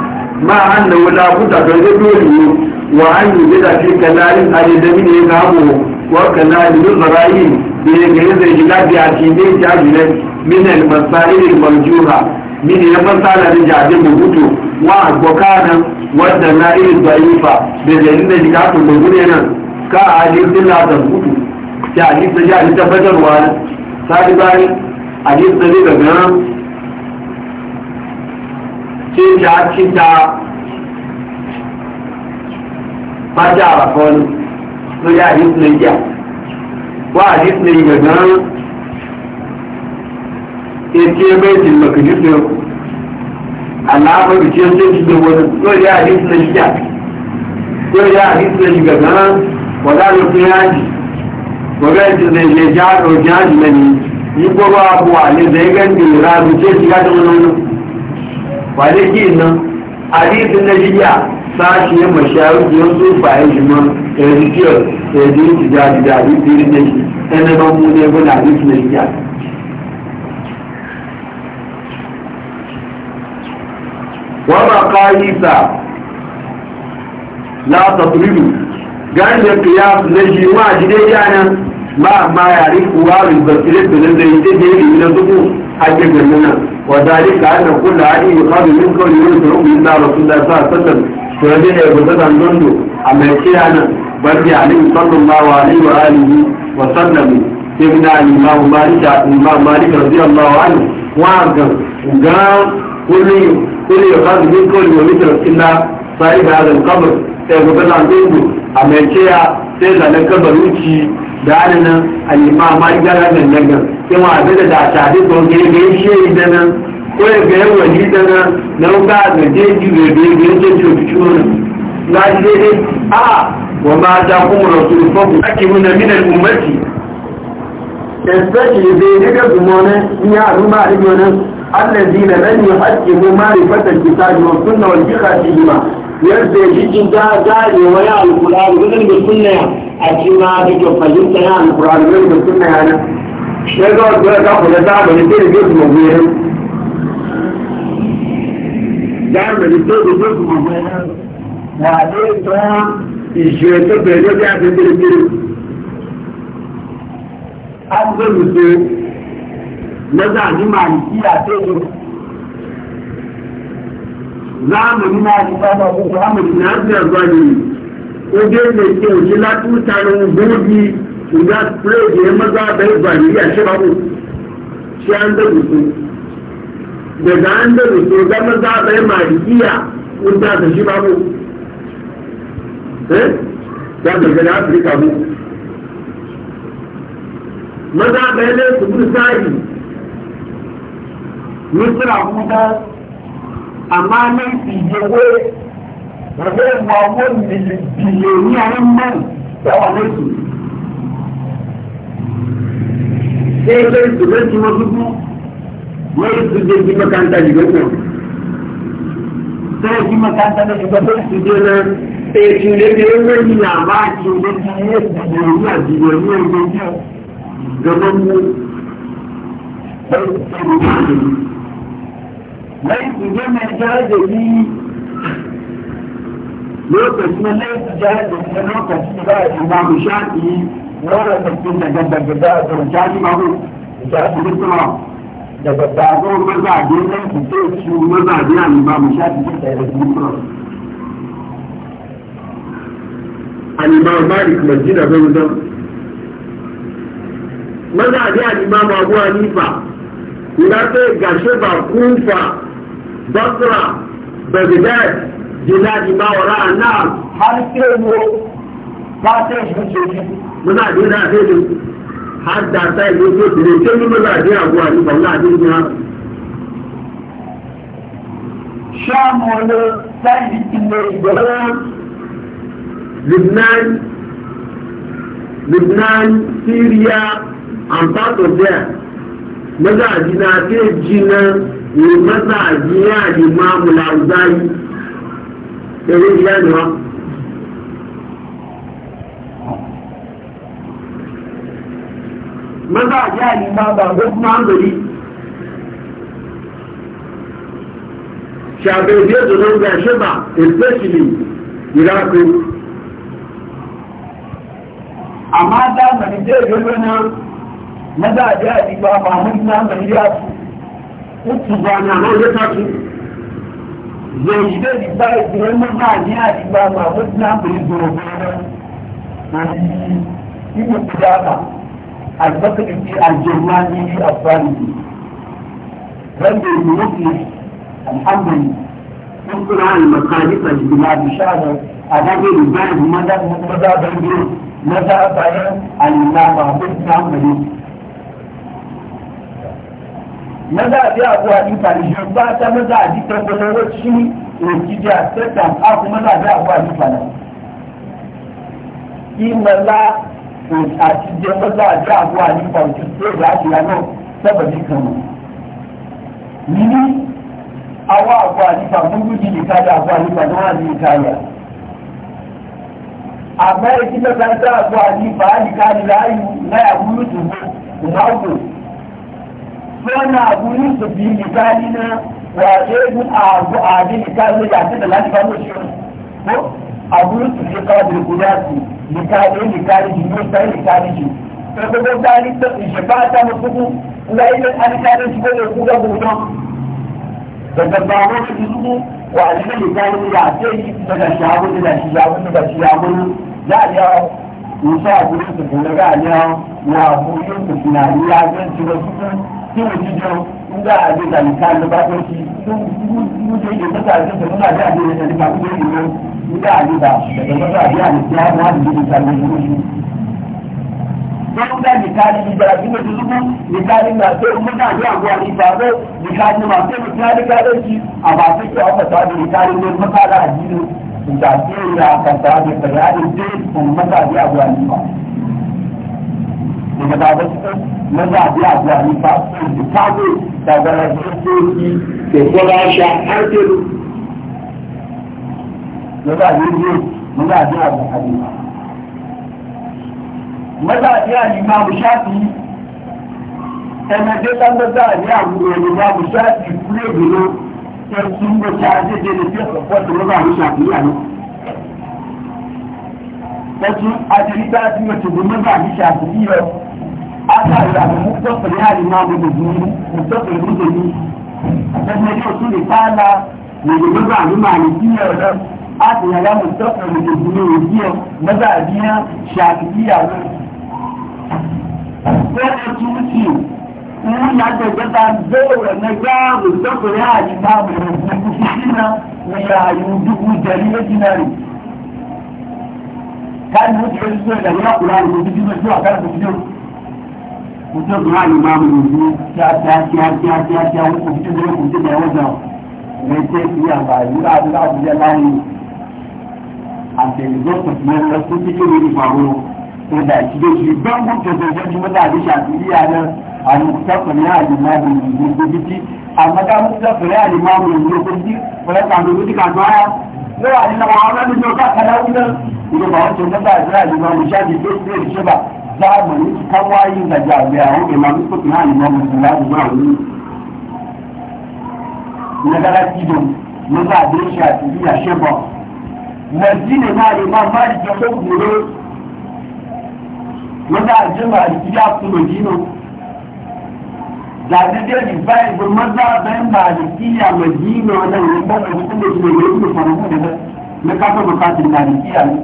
مع أنه لا بد أن يدوره وأن يجد في كلام الذين يذهبه وكلام الغرائب بيجهز الجلاد بعتيمين جاجلا من المسائل المرجوحة من المسائل الجاد مبوتو وأبوكانا والدلائل الضعيفة بيجهز الجلاد مبوتو كأحاديث لا تنبوتو كأحاديث تفجر تنبوتو سالبان حديث نبي títa títa bájá àbàkọ́ ni lórí àdínkù nàìjíríà wá àdínkù nàìjíríà gan etí ẹgbẹ́ ìdìbò kìdìbò àlàáfẹ́ bìtí ẹgbẹ́ ìdìbò wọn lórí àdínkù nàìjíríà lórí àdínkù nàìjíríà gan wọ́dà ló fi hàn jì wọ́dà ìdìbò nàìjíríà já ló jẹ́ àjùmọ̀ ni yípo bá wà ní ẹgbẹ́ ìdìbò rà ló jẹ́ kwanakin nan hadisin na jiya sashi ya masharu da yanzu bayan shi ma ezekiel ezekiel da da hadisin na shi ɗan na mu ne guna hadisin na jiya wama ƙayisa la tabrilu gan da kiyas na shi ma jide yana ma ma yari kuwa rubasirin da nan da yi ta jeri na zuku ake gani nan wa dalika annan kulla hadi yuqalu min qawli yusra min da rasulullah sallallahu alaihi wasallam nan dundu a mai kiya nan barbi ali sallallahu alaihi wa alihi wa sallam sai da imam malik imam malik radiyallahu anhu wa ga ga kulli kulli yuqalu min qawli yusra min da sai da al qabr sai gudan nan dundu a mai kiya na kabarin da adana ma gara da daga yawa abin da ta bi ko gege shi da nan ko ga yawa ni da nan nan ka ga je ji ga je ga je to to na shi ne a wa ma ta kuma rasul fa ku akimuna min al ummati especially da ne ga gumone ya ruma da gumone الذين لم يحكموا معرفة الكتاب والسنة والفقه فيهما يرد يجي wa ya ويا القرآن da بالسنة أجمع بجفلين كنا عن القرآن من بسنة أنا شكرا جوا كفر جاء من تير جوز مغير جاء من تير جوز مغير وعليه ترى ìṣètò bẹ̀rẹ̀ bí a ti bẹ̀rẹ̀ bẹ̀rẹ̀. a ń gbé lùsọ lọ́gbà ní màá ní kí àtẹ́jọ láàmù ní máa ti bá bá gbogbo láàmù ní àti ẹ̀gbọ́n oge mai ke oji latutanin gogi ga spray da ya maza bai bari ya shi babu shi an da rusu daga an da rusu ga maza bai marikiya kunta da shi babu eh ya daga da afirka mu maza bai ne su bi sari misira kuma amma nan su yi bàbá ìwà owó nìlè bìlè ní ọdún mẹ́rin tẹ́wà lẹ́sùn. ṣé ilé ìṣòro tí wọ́n dúdú lórí ìṣòro tí wọ́n kàn tàbí lọ́sọ̀? sọ́yìn tí wọ́n kàn tàbí lọ́sọ̀ tó ti dé lọ èsì lédè ewé ní àbá àti ìwé tí ilé ìṣòro ní àdìgbò ní ọgbẹ́ jẹ́ gbogbo mú lẹ́yìn tí mẹ́jọ́ ẹ̀jẹ̀ ní lokacin na laifin jihar da lokacin da imamu shafi wara tafi daga daga da turjani mahu da asibituma daga bazo mazaje nan su ce su mazaje a imamu shafi da asibituma al-imam malik masjida bai wajen mazaje a imam abu hanifa ina sai gashe ba kufa basra bagdad jihadi ba wa ra'a na har sai mu ba ta shi muna da na sai da har da sai mu so Lebanon Syria and part of there mazaji na sai jinan ne mazaji ya limamu lórí ìlànà mọ́tò àjẹ́ àyíká bàbá fún àgbèrè ṣàbẹ̀bí ètò ló ń gbà ṣẹ́bà especially ìrákò àmá dáàmà ní jẹ́ ìjọba náà mọ́tò àjẹ́ àyíká bàbá fún àgbèrè àtù ó tù bá ní àwọn olóṣàtù zai da riba idan mun ma ni a riba ma mun na bai gobe na ibu kudaka albakar ki aljirmani ni afani rabbi mukhlis alhamdulillah kun kuna al makalif al bilad shahar adabi riba madan madan madan madan bayan al-nama bin kamali mazhabi abu hanifa ne shi ba ta mazhabi ta gwamnati rikidiya tattan aku mazhabi abu hanifa ne imala àti jẹ mazhabi abu hanifa ti tó láti lánà sábàbí kan nínú àwọn abu hanifa gbogbo jìnnì kájà abu hanifa náà ní ìtàlẹ̀ àmọ́ ìdílé kan sáà abu hanifa àyíká ni láàyè náà àbúrò tó gbó ìnáwó fẹ́ràn àbú yusuf yìí nìkan nínú wà éégún àbú àbí nìkan ló yà sí ìlànà ìbá ló ṣe ó àbú yusuf yìí ká bèrè kó yàtì nìkan ló nìkan ló yìí ló sẹ́yìn nìkan ló yìí. Ẹgbẹ́gbẹ́ bá ní ìṣẹ̀bá àtàwọn fúnfún ńlá ilé aníkàlẹ́ ti gbọ́dọ̀ kú gbọ́dọ̀ náà. Gbẹ̀gbẹ̀gbẹ̀ àwọn ti dúdú wà nínú nìkan ló yà sí èyí gbẹ̀gbẹ̀ ṣàwọn nígbà ṣìyàwó nígbà ṣìyàwó yáàyà ìṣe àbúrò tuntun lọ́gà ní àwọn àbúrò tuntun àríyá gbẹ̀ntì lọ fúnfún. tí wọ́n ti jọ nígbà àgbéga nìkan ló bá tó ti mú ṣe ìdè mọ́tà àti ìṣẹ̀lẹ̀ náà àti àgbéga ìṣẹ̀lẹ̀ nípa kúrò ìlú nígbà àgbéga ìṣẹ̀lẹ̀ mọ́tà àti àgbéga wọn àti ìṣẹ̀lẹ̀ ìṣẹ̀lẹ̀ ìṣẹ̀lẹ̀ ìṣẹ̀lẹ̀ Nígbà nìkan ni ni ìgbàlá tí mo ti dúdú, nìkan ni màá tó mú náà ní àwọn àlejò àbẹ́, nìkan ni màá tó mú kí á ní ká lóṣì, àbàtí kí ọkọ̀ tó á di nìkan ni mo mọ́tà láàjì lò. تعطيل كتاب بيان الدين أمتها بأبوانها. إذا بعد mọ́tò àbí àbí àyíká ìpàdé ìtàgbára tó tó di ìfọ́lá ṣá ángẹ́lù. mọ́tò àbí ìlú mọ́tò àbí àbí àyíká. mọ́tò àbí àyíká bùṣáàtì ẹnẹdẹ sáńdọ́tà ní àwùjọ ìlúwa bùṣáàtì kúlẹ̀ ìdúró ẹ̀sùn mọ́tò àti ìdílé tí ọ̀pọ̀ tó lọ́wọ́ àwọn ṣàkóyà náà ẹtù àtẹ̀lítà tí mo ti bù mẹ́fà ní ṣàkóyí After that, Mustafa had Imam Ibn Mustafa Ibn Jami. Àtẹ́sẹ̀ ní òtún lè sáàlá lèdè lọ́gbà àdúmà ní sí ọ̀dọ́. A ti yàn ní òbí ẹ̀ mọ́gbà àdíyàn ṣàkíyà lọ. Bẹ́ẹ̀ tí ó sì ń yàtọ̀ ìjọba gbèrò rẹ̀ nígbà Mustafa had Imam Ibn Jami sí sínú ìyá ìrùdúkú jẹ̀rí méjìlélẹ́rì. Káàdì mutum zuwa limamu yanzu ya ta ya ta ya ta wani kuce da kuce da wajen mai ce iya ba yi da abu da abu ya layi a televizor ta kuma da su fi kiri ne faru ko da shi da shi don kuce da zai kuma da bisha turiya na a mutafin ya limamu yanzu ko biki amma da mutafin ya limamu yanzu ko biki ko ya kanu biki ka zuwa ne wa ni na ba wannan da ka kana wannan ko ba wancan da ba ya limamu shafi ko ne shi ba zamani ta wayi da jabiyawan imamu su na imamu su ya zuwa wani na gara idon na zaɓe shi a cikin yashe ba madina na imam malik ya ko gure na zaɓe maliki ya fi madina zaɓe da ya ba ya zama zaɓen maliki ya madina wannan ya ba da kuma da shi ne ya yi da faruwa da na kasa bukatun maliki ya ne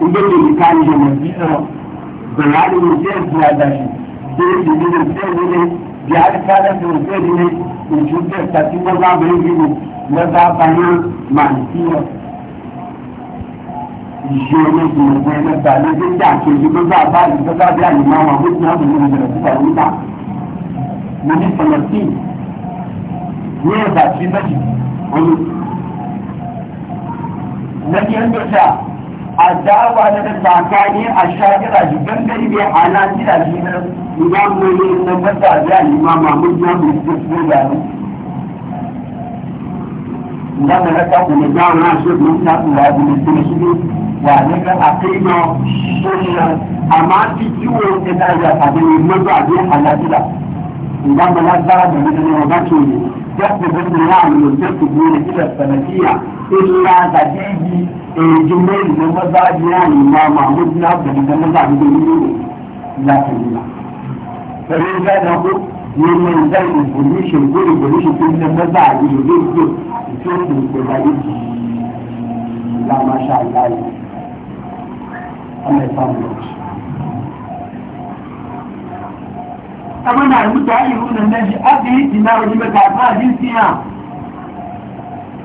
inda ke misali da majalisar bayani ne zai zuwa da shi zai yi ne zai ne ne ya ta kada da zai ne in cutar ta ci maza bai yi ne maza bayan ma'aikiyar ìṣòro ìgbìmọ̀ ẹlẹ́gbà ní gbígbé àkejì tó bá bá ìlú tó bí àyè máa wà bó ti náà bẹ̀rẹ̀ bẹ̀rẹ̀ púpọ̀ níta. mo ní fọlọ́tì ní ẹ̀bà tí méjì olú. lẹ́yìn ẹgbẹ́ sáà عذاب على الزكاية الشاكر أجبن قريب حالات الأجبن إمام ولي إنما تعالى الإمام محمود نعم يستفسر له لما ركب النجاة ناشر من أولاد المسلمين وعليك أقيمة سنة أما تجيو إذا يفعل المزع دي حالات الأجبن لما ركب النجاة ناشر من أولاد المسلمين يأخذ ابن يعمل الجسدين إلى السنفية إلا تجيب إيه، جميل من مزاج يعني ما معمود بن عبد من مزاج بن لا تجيب فمن ذلك نقول من ذلك البوليشن كل البوليشن كل مزاج يجيب يجيب لا ما شاء الله الله يسامحك amma na rubuta irin nan nan shi abin yi na wani mata ta jin siya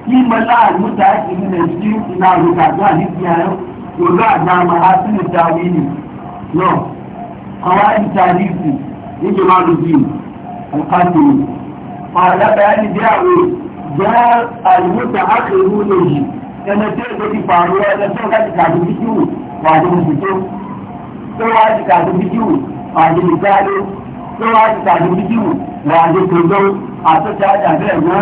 yi mala rubuta irin nan shi na rubuta ta jin siya yau to za a ga ma asinin tawili no kawai tarihi yake ma rubi alƙatiri fara bayani da yawo ya almuta aka yi rune shi yana ce da ki faruwa yana ce ka ji kafin bidiyo ba da mutu ko wa ji kafin bidiyo ba da misali tsawa da talibiyu na aje kogo a ta ta da da na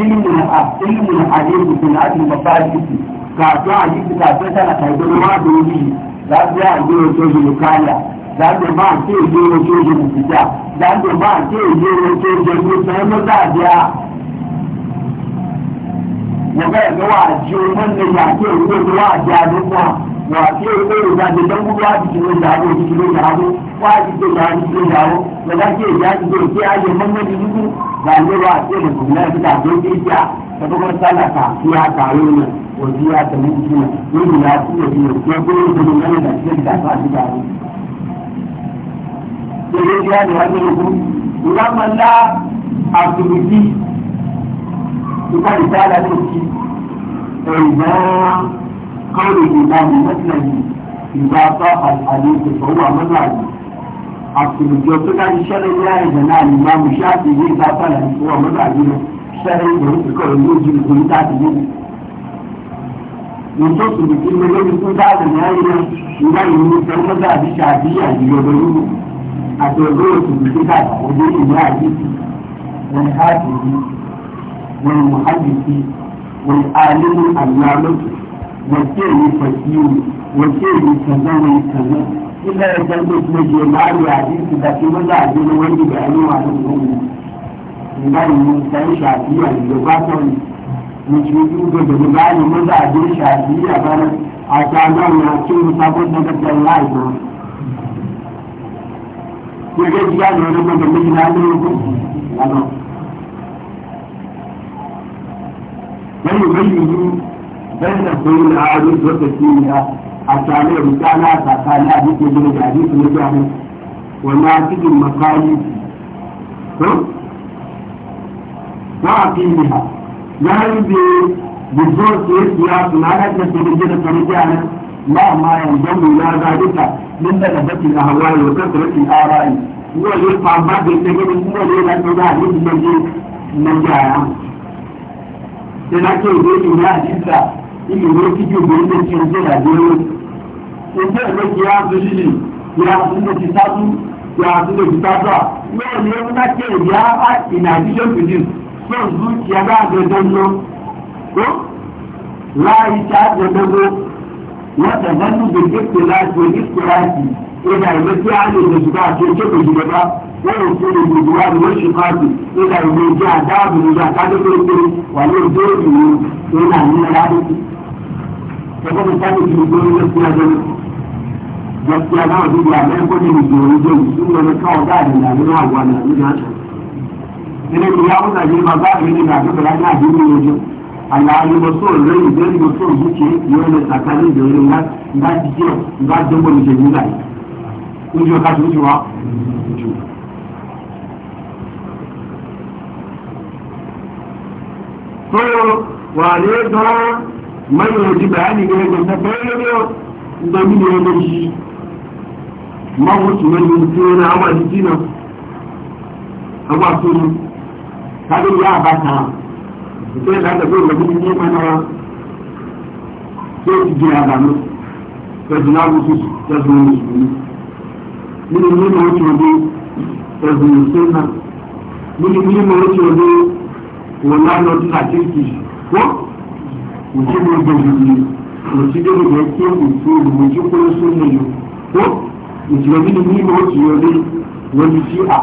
ilimin a ilimin a ne da na ajin babba ciki ka to a yi ka ta ta ta da ma da yi za su ya ji wato shi kaya za su ma ke ji wato shi fita za su ma ke ji wato shi ne sai mu da biya ya ga ga wa ji wannan ya ke ko wa ja duk wa wa ke ko da dan gudu a cikin ko aji ke ya aji ke ya wo da ba ke ya aji ke ke aji mun ne bi ni da ne ba ke ne kuma ne da ke ke ya da ko ta la ka ya ka yo ne ko ji ya ta ni ji ne ni ya ji ne ji ko ko ne ne da ke da ba ji àtìlùjọ tó dájú sẹ́lẹ̀ ní àìsàn náà ní máa mú sí àtìlú ìta padà fún ọmọ tàbí lọ sẹ́lẹ̀ ìgbòho ti kọ̀ ní ojú ìgbòho ìta àtìlú. Nìjọ́ sùnì kí mo lórí fún dáàbò ní ayé lọ, ìwá ìlú ní sọ mọ́tà àbí ṣàbí àyíyọ lórí mi. Àti ọ̀gbọ́n òsùnì kí ká òde ìwé àdìsí, wọn káàkiri, wọn mọ̀ àdìsí, wọn alẹ́ ní àlọ́ àlọ́tù, wọn tí èyí pẹ̀sí wọn ina da kan da kuma ke mari a jiki da ke maza a jini wani da yanzu a nan gudu ina da mun san shafiya da ba ta wani mu ci duba da mu gane maza a jini shafiya ba nan a kyanar na cin musafin da kasar la'ido ya ga jiya da wani maza mai na ne أتاني رسالة أتاني حديث من الحديث مثله وناتج المقاليد وعقيمها يعني بالزور سيد سياس لا نجد سيدنا فرجانا لا ما ينضم إلى ذلك من درجة الأهواء وكثرة الآراء هو يرفع بعض التجربة هو ليلة تضاهي من نجاة لكن يجب أن يحدث ìlú kíkì ògbóǹdé tí ó jẹ́ àdéhùn. Ojú ẹ̀rọ ti á tó lílì, ìyá àtúndò ti sábú, ìyá àtúndò ti sábú à. Mẹ́rin ni ó ń bá kí èyí á ìnà àdíjọ́ pèjì fún ìlú ti ẹgbẹ́ àgbẹ̀dọ́ lọ. Láì ti àgbẹ̀dọ́gbọ́, wọ́n tẹ̀lé ní gbèdé pè láti ojú pè láti ìdá ìwé tí a lè lè ṣùgbọ́n àti ojú pèjì lọ́ba. Wọ́n ò fún ìgbèdè wa ni ṣe káàdì ìdá ìwé ìjà àdáàbò ìjà àkádé pé wà ní ojú òdìwọ̀n ìlànà ìlànà ẹgbẹ́ mi sáré kiri gbé ní ẹgbẹ́ ọdún gaskiya na wani da ɗan gwada ne ke wani jami sun wani kawo da da na nuna wa na nuna ta ina ne ya wuta ne ba za a yi ne na duka rana a jini ne jin Allah ya maso rai da ya maso zuke yau da tsakanin da wani na na jike na dango ne mọ́nà òdì bàá nìyẹn gbọ̀ngàn bẹ́ẹ̀ lọ́wọ́ nítorí ni wọ́n yí mọ́wọ́ tí wọ́n yí tí wọ́n náà wà ní jìnnà àwọn àtúnú tàbí ìyá àbáta ìfẹ́ ìdádàgbé ìlọ́gbọ́n ní mọ́nà wa tí ó ti di àdánù pẹ̀lú náà wọ́n tún tẹ̀sán mùsùlùmí nínú mímọ́ ó ti ọdún ẹ̀sùn ìṣẹ́nà nínú mímọ́ ó ti ọdún wọ́n náà lọ mutum ne da jiki mutum ne da yake mutum mutum kuma sun ne ko mutum ne ni ma mutum ne wani shi'a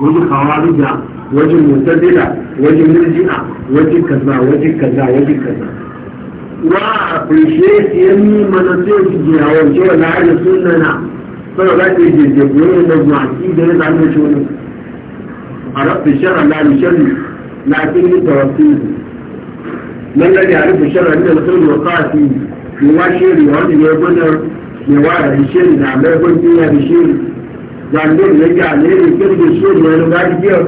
wani kawarija wani mutadila wani murji'a wani kaza wani kaza wani kaza wa appreciate yanni mana sai ki ji hawan cewa na hada sunana sai ga ke je je goyi da maki da ya zama shi wani a rabbi shar'a la sharri lakin ni tawassil من الذي يعرف الشرع عند الرسول وقع في نواة شيري وهذه يقول نواة الشيري نعم يقول فيها الشيري لأنه يرجع ليه يكتب الشيري لأنه قاعد يجيب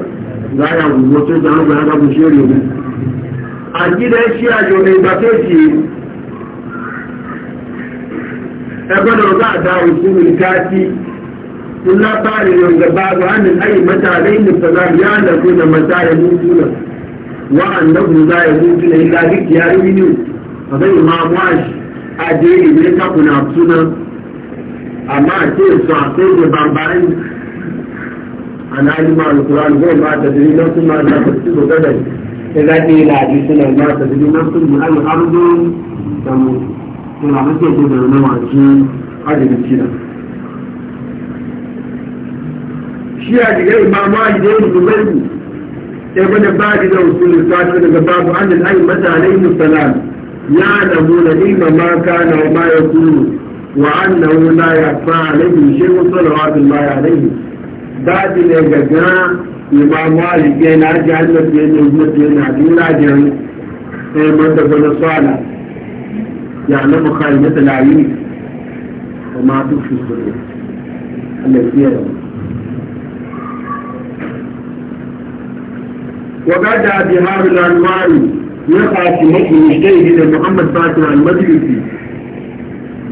لا يعرف الرسول عنه بهذا أبو شيري أكيد الشيء أجو إيباتيتي أبدا وضع داوسين الكاتي كل طالب ينقبع عن الأي متى لين السلام يعلمون متى يموتون وأنه لا يموت إلا بك يا يمين فبين ما مواش أدري إليك كنا أبسنا أما أتير صعصير باربعين أنا أعلم عن القرآن هو ما تدري لكم ما لا تكتب غدا إذا قيل حديثنا ما تدري لكم أي أرض تموت كنا مسجد من نوعين هذه الكلام شيعة غير ما مواش غير زبير بعد باقي رسول الفاتح باب عن الأئمة عليهم السلام يعلمون إما ما كان وما يكون وأنه لا يخفى عليه شيء صلوات الله عليه بعد نجاة إمام مالك ينرجع المسلمين المسلمين عدو العجل منطقة الصالة يعلم خائنة العيون وما تخفي الصدور التي يرون وبدأ بهذا العنوان يقع في حكم الى محمد فاتح المجلسي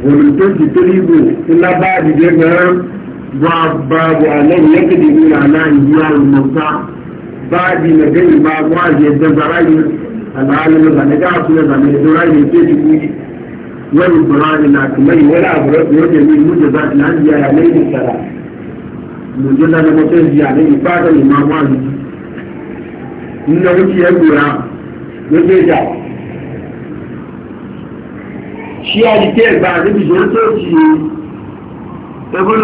ومن تلك تريد إلا بعد ذلك باب باب عليه يكذب الى ان يجعل الموتى بعد ما نجي باب واجه الزبراني العالم الغنجاة الغنجاة الغنجاة والقران لا الأكمل ولا أبرد من مجزات الأنبياء عليه السلام مجزات المتنزي عليه بعد الإمام واجه nínú dúkìá gbòòrà lójú ìjà ṣí àdìkẹ́ ẹ̀gbà níbi ìṣẹ́ tó ti ẹgbọ́n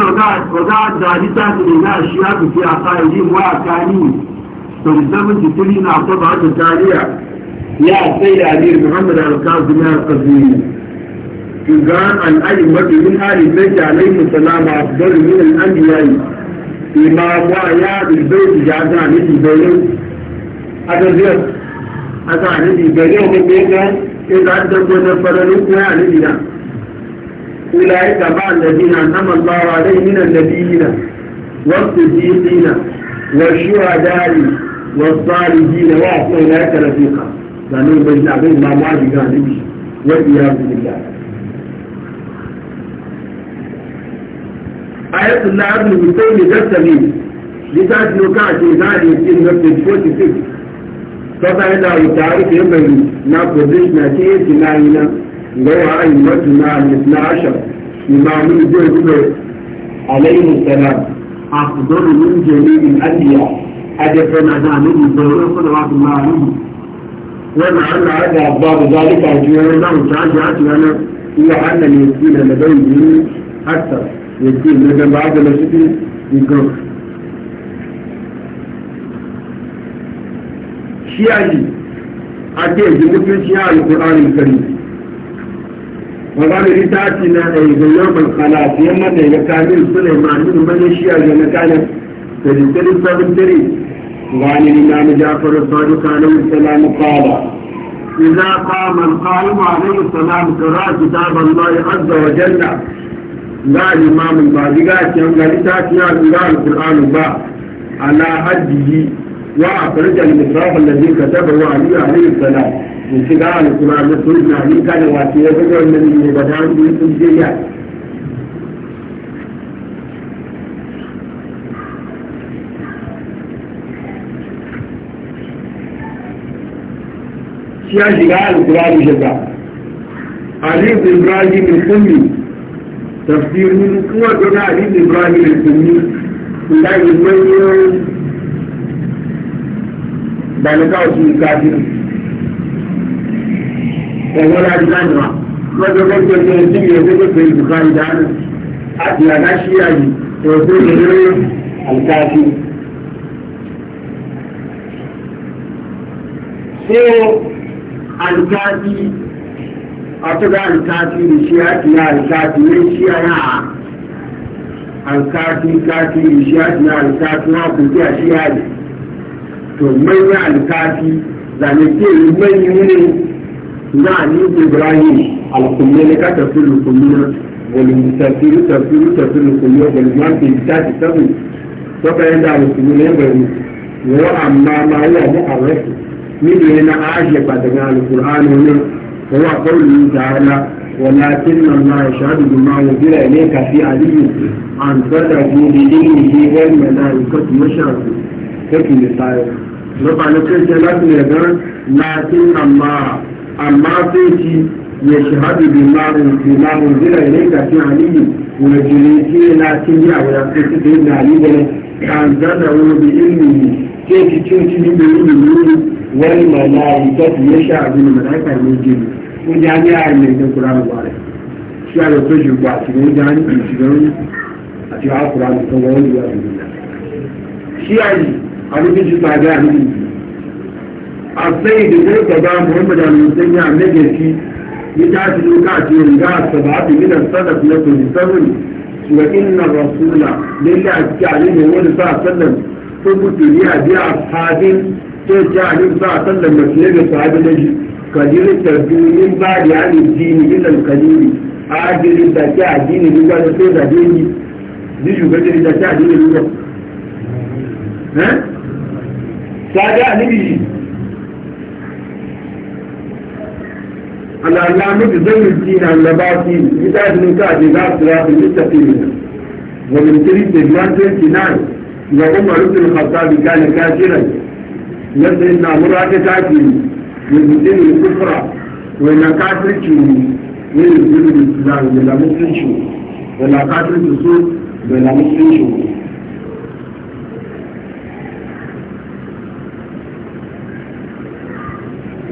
ọ̀gá àjà níta ti lè náà ṣí àtúnṣe àta ìdí ìwọ́ àta ní tòlù sẹ́fúntì tó nínú àkọ́bà àti tàríà ní àṣẹ ìdàdí muhammed alkazim alkazim ṣùgbọ́n al'ayi mọ́tò ní àrí méjì aláìmù sàlámà àbúgbọ́n ní al'adìyà ìmọ̀ àwọn àyà àdìgbò ìjà àti àmì ìbẹ̀rẹ̀ adadiyar a ga alibi gari wani mega ya za a dabbo na faralin kuma alibi na ulayi ka ba annabina nama allawa dai min annabiyina wasu jisina wa shuhadari wa salihina wa kuma ulayi ka rafiqa zanen bai na bai ma ma diga alibi wa iyazu billah ayatul lahar mutum ne gasabi litafi ka ce zari in da 46 sọ́tà ẹ̀dá ìtàrí fi ẹ̀bẹ̀rù na pòsíṣnà tí é ti náà iná lọ́wọ́ àìmọ́tù náà nìtìlá àṣà ìmọ̀ àmì ìjọ ìgbẹ́ àlẹ́yìn ìṣẹ̀lá àkùdọ́rù ní ìjọ ìlú àdìyà àjẹfẹ́nà náà níbi ìjọ ìrọ́fọ́nà wà fún máa níbi wọ́n máa ń náà dà bá bùdá nípa ìjọ ìrọ́ náà ṣáájú àti rana ilé àná ni èsì ìlànà bẹ́ẹ̀ yìí hàtà èsì ìlànà bá kiyaye a ke yi mutunci a alƙur'anin kari wazari litafi na da izayyar bankala su yamma da ya kamil suna ma'anin manyan shiya da na kanin da jikin sabon dare wani limamu jafar saduka na musalamu kala إذا قام القائم عليه السلام قرأ كتاب الله عز وجل لا إمام بعد ذلك يوم لا لتاتي على القرآن با على حجه وأخرج المصراف الذي كتبه علي عليه السلام من شجاع القرآن الكريم من علي كان واسية بدر النبي وبدعان بيكم جياد ya shiga alkurani shiga alif ibrahim al-kummi tafsirin kuwa dona alif ibrahim al-kummi da yi ìgbàlódé ọ̀sùn ìgbàdì ẹ̀wọ́n láti lánàá lọ́jọ́ lọ́jọ́ ní ẹtí mi ẹgbẹ́ pẹ̀lú ìbùkà ìdáná àti àdáṣí àyè ẹ̀wọ́n tó lè lórí àìkáàdì. Ṣé àìkáàdì àtúgbà àìkáàdì lè ṣe àti àìkáàdì lè ṣe àyà àìkáàdì káàdì lè ṣe àti àìkáàdì wọn kò tí àṣíyàdì to manya alkafi zane ke manyu ne na ni ibrahim alkumme ne ka tafi lukumina volume tafiru tafiru tafiru lukumina volume one page thirty seven to ka yanda alkumme ne bari wa amma ma ya mu arrafi ni ne na aje ba daga alkur'ani ne wa qawli ta'ala ولكن الله يشهد بما أنزل إليك في علي عن صدقه بدينه والملائكة يشهدون take in the side mutane sai ce lati ne gan lakin amma amma sai ci ya shahadu bi mamun bi mamun zira ne ka fi aliyu wa jiriti na cin ya wa sai ci da yin ali da ne kan zada wa bi ilmi sai ci cin ci ni da ilmi wal malaikatu ya shahadu bi malaika ne jini ko jami'a ne da qur'ani ba ne shi ya to shi ba shi ne jani shi ne a cikin qur'ani to abinci tsada ne a sai da zai gaba muhammad al-hussein ya nage shi ya tashi doka a cikin ga sabatu minan sadaf na tunisarun wa inna rasula lalle a cikin alimin wani sa sallan sun mutu biya biya a sahabin sai ce alim sa sallan da fiye da sahabi na shi kadirin tarbiyyun ba da yanin dini ilal kadiri a ajirin da ke a dini duka da sai da dini zai shugabar da ke a dini duka sáájá níbi yìí alàlá méjì zẹ́yìn tí na lọ́bá sí nígbà ìdílé káàdì láti láti ní sàfihàn wọ̀nyí kiri tẹ̀lé 129 ìgbàgbọ́ màrúkú ní kàtàbí káàlì káàkiri yadda ina murata ta ke yanzu ne kufra wai na kafirci ne ne yanzu ne da lamu sun shi da na kafirci su da lamu sun shi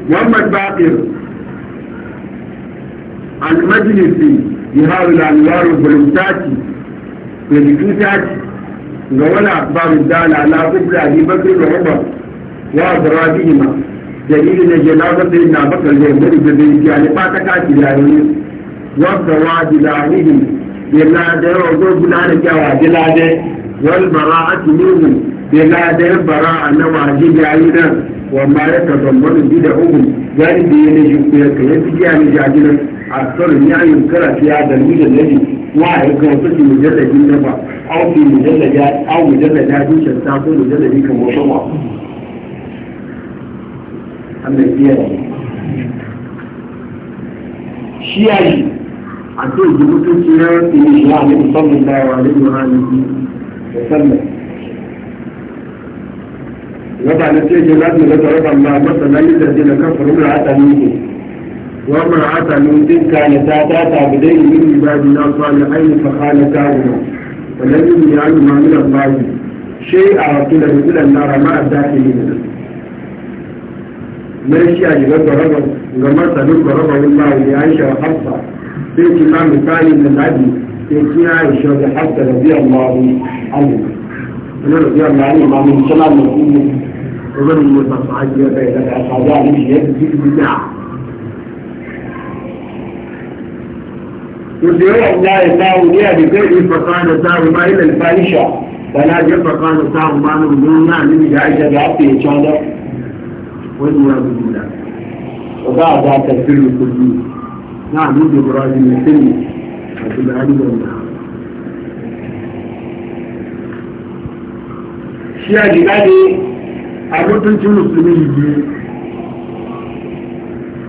محمد باقر المجلس بهذا الأنوار والبلوتات والبلوتات ولا أخبار الدالة على قبل أبي بكر وعمر وأضرابهما دليل أن جنازة سيدنا بكر يمر ببيت يعني فاتكات العلوم يعني. والزواج لعنهم بلاد وضرب لعنك وعجلاد والبراءة منهم بلاد براءة نوع يعني. جدعينا وما يتضمن بدعهم ذلك ينجي يعني يتجي عن يعني جاجنا أكثر يعني يذكر في هذا المجلد الذي واحد كوصف مجلد النبع أو في مجلد أو مجلد هذه شتاق مجلد كموضوع أما الزيادة شيعي أقول جبتك يا إلهي صلى الله عليه وآله وسلم وبعد ذلك لازم نتربى مع مثلا الذين كفروا العتمين وما عتموا تلك نتاتا تعبدين من عبادنا صالحين فخالتاهما ولم يجعلهما من الله شيئا قيل ادخل النار مع الداخلين ما الشيء اللي ضربه ومثل ضربه الله لعائشه وحفصه في كلام ثاني من العدل في عائشه وحفصه رضي الله عنهما رضي الله عنهما من كلام رسول الله ومن يتصعد بين الأخذان يجزي البدع يدعو الله الله ليها بفعل فقال تاهما إلى الفاحشة فلا جف قال تاهما نمنا من جعيشة بعبده إن شاء الله والنياز بالله وبعدها تكفير الكلية نعم يجب إبراهيم السلمي لكن هذه والنهار شيئا جبالي abokancin musulmi ne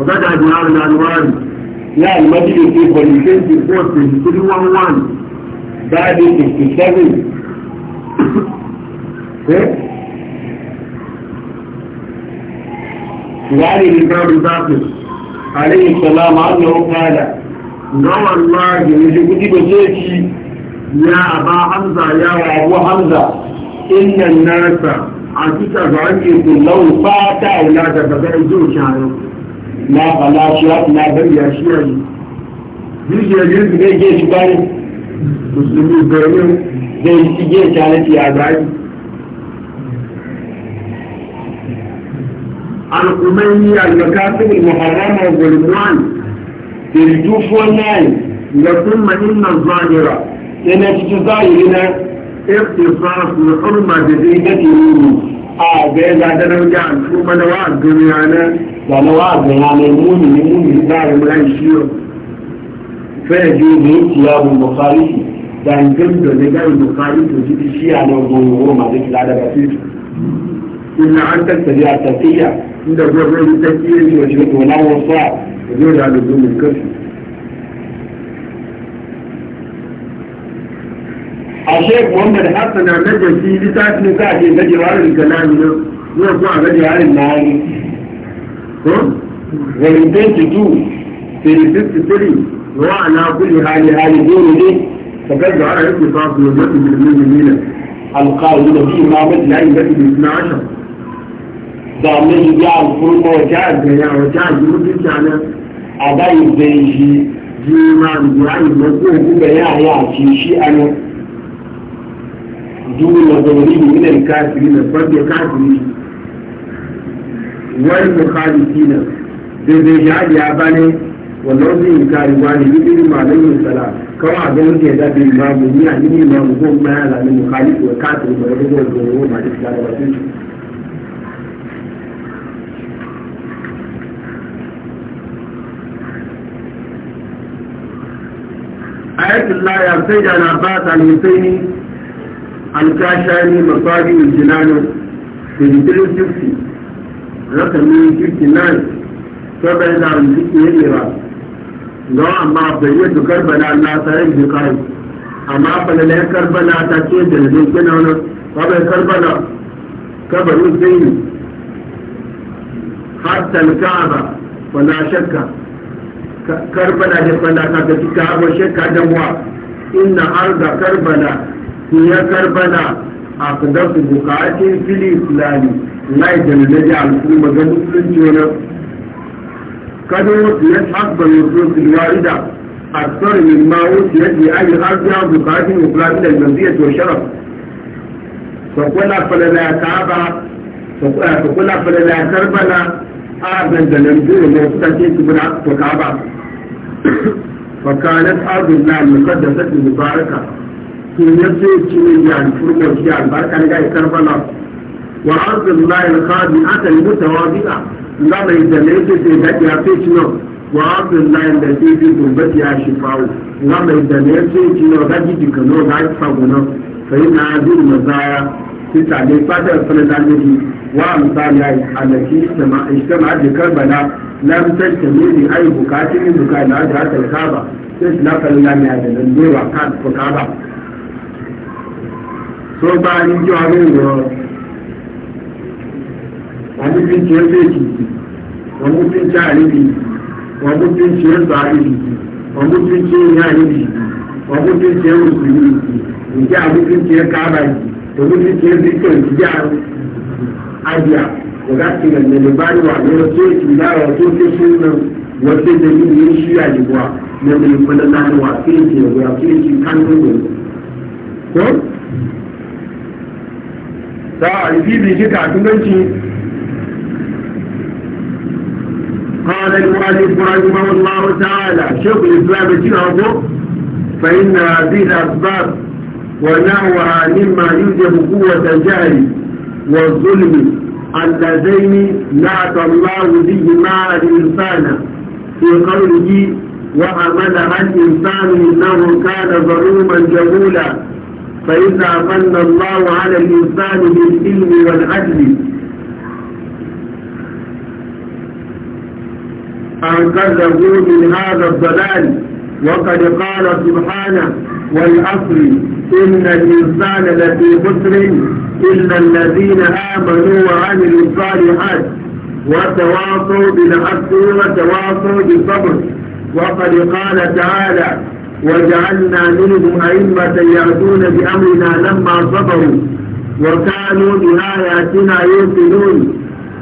ọ̀gáta ìgbìyànjú na alwari ní alimadi ètò ìkọlù 24 311 dáadé 67 Ìwádìí ní Káàdù Záfis, Àríyìn Sọlámà, Ánà Ọkàdà, Gọ́wàr Láàgì, Ìṣẹ́kútí Bẹ̀ṣẹ́kì, ya Àbá Hamza, ya Wàbú Hamza, Inna Nasa, àtúntà gbàǹkì kò lọ́wọ́ pátá ìlà àgbàgbà ìjọ òṣàrò láàbàlá aṣọ àti lábẹ́rẹ̀ aṣọ ẹ̀yìn. bí ìṣe ẹ̀yìn ti dé jẹ́ ti báyìí mùsùlùmí ìbẹ̀rẹ̀ dé ti jẹ́ ìṣàlẹ̀ ti àgbáyé. alùpùpù alùpùpù mọ̀hàrámà ọ̀gbọ̀lùmọ́ọ̀nì tèlítú fọ́ náà ìyẹ̀kùn mọ̀ nínú nàìjíríà ẹnẹ́ tuntun báyìí náà اختصاص لحرمة بزينته أعزائي بعد نرجع نشوف أنا وعد دنيانا لأن وعد دنيانا المؤمن المؤمن دار ملاي شيء فيجوز اتياب المخالف لأن جمد لقاء المخالف وجد الشيء على وضوء ما ذكر العدد فيه إلا أن تتبع التقية عند الرجل التقية وجدت ولا وصاع وجود على لزوم الكفر الشيخ محمد حسن عمد في لسات نكاح مجرى الكلام نوع مجرى المعاني والانتين في الست سري وعلى كل حال حال دون ليه فقد على اتصاص نجمة بالمؤمنين القائل في إمامة لا يمثل الاثنى عشر دامني بيع الفرم وجاز يا وجاز مدرك على أبايب زي جي جي ما بيع الموضوع بيع يا شي شي أنا دون غيره من الكافرين فرد الكافرين والمخالفين بزيجاد ياباني والنظر الكارباني بإذن ما عليه السلام كما أظن كذا بالإمام يعني الإمام هو ما من على المخالف والكافر ويرجو الجمهور مع الإسلام والسلام آية الله يا سيدنا عباس عن حسيني an kasha ne mafari da jinanin 3350 rakami 59 ta bai da wani jiki ya nera ga amma bai yi dukar bana na tsarin jikari amma falalai karbala ta ce da jikin wani kwabai karbala kabarin zai har talkara fana shakka karbala da fana ta ta ci kawo shakka damuwa ina har da karbala ya karbana a kudar su bukatun fili islami lai da na ji al'umma ga musulunci wani kadin ya haɓar yusufin warida a tsari min ma wuce ya ce ayi arziya bukatun islami da yanzu ya to sharaf sakwala falala ya kaba sakwala falala ya karbana a zanzanin biyu ne suka ce su buna to kaba فكانت أرض الله المقدسة المباركة sunnatu cinin da alfurkan shi albarkan ga karbala wa arzul lahi alqadi ata mutawadi'a nga mai da ne ce ce da ya ce cino wa arzul lahi da ce ce gumbati ya shifawo nga mai da ne ce cino ga jiji kano ga faguna sai na zin mazaya kita ne fadar sanadar da shi wa misali ya alaki ijtama da karbala lam tajtami li ay bukatin bukatin da ta kaba sai na kallon ya da nan ne wa kan kaba tó bá ijó alẹ́ ìrọ̀ wọ́n mú ń ṣe ẹgbẹ́ èkìtì wọ́n mú fi ń ṣe àríbì wọ́n mú ń ṣe ẹgbà àríbì wọ́n mú fi ń ṣe ìyá àríbì wọ́n mú fi ń ṣe oṣù yìí ìjà wọ́n mú fi ń ṣe káàbà yìí wọ́n mú fi ń ṣe bíkọ̀ ìjà àjà ọ̀gá ti rẹ̀ lẹ́lẹ̀ bá wà lọ́wọ́ tó èkì lára tó ké fún náà wọ́n ṣe lè ní ní ṣí àyẹ̀wò à lẹ́nu ìpínlẹ̀ náà wà kéèkì ẹ̀wẹ̀ àkéèkì kánú za a rufi bishi kafin ganci قال المؤلف رحمه الله تعالى شوف الإسلام تنعبه فإن هذه الأسباب ونحوها مما يوجب قوة الجهل والظلم اللذين نعت الله بهما الإنسان في قوله وعملها الإنسان إنه كان ظلوما جهولا فإذا من الله على الإنسان بالعلم والعدل أنقذه من هذا الضلال وقد قال سبحانه والأصل إن الإنسان لفي خسر إلا الذين آمنوا وعملوا الصالحات وتواصوا بالحق وتواصوا بالصبر وقد قال تعالى وجعلنا منهم أئمة يأتون بأمرنا لما صبروا وكانوا بآياتنا يوقنون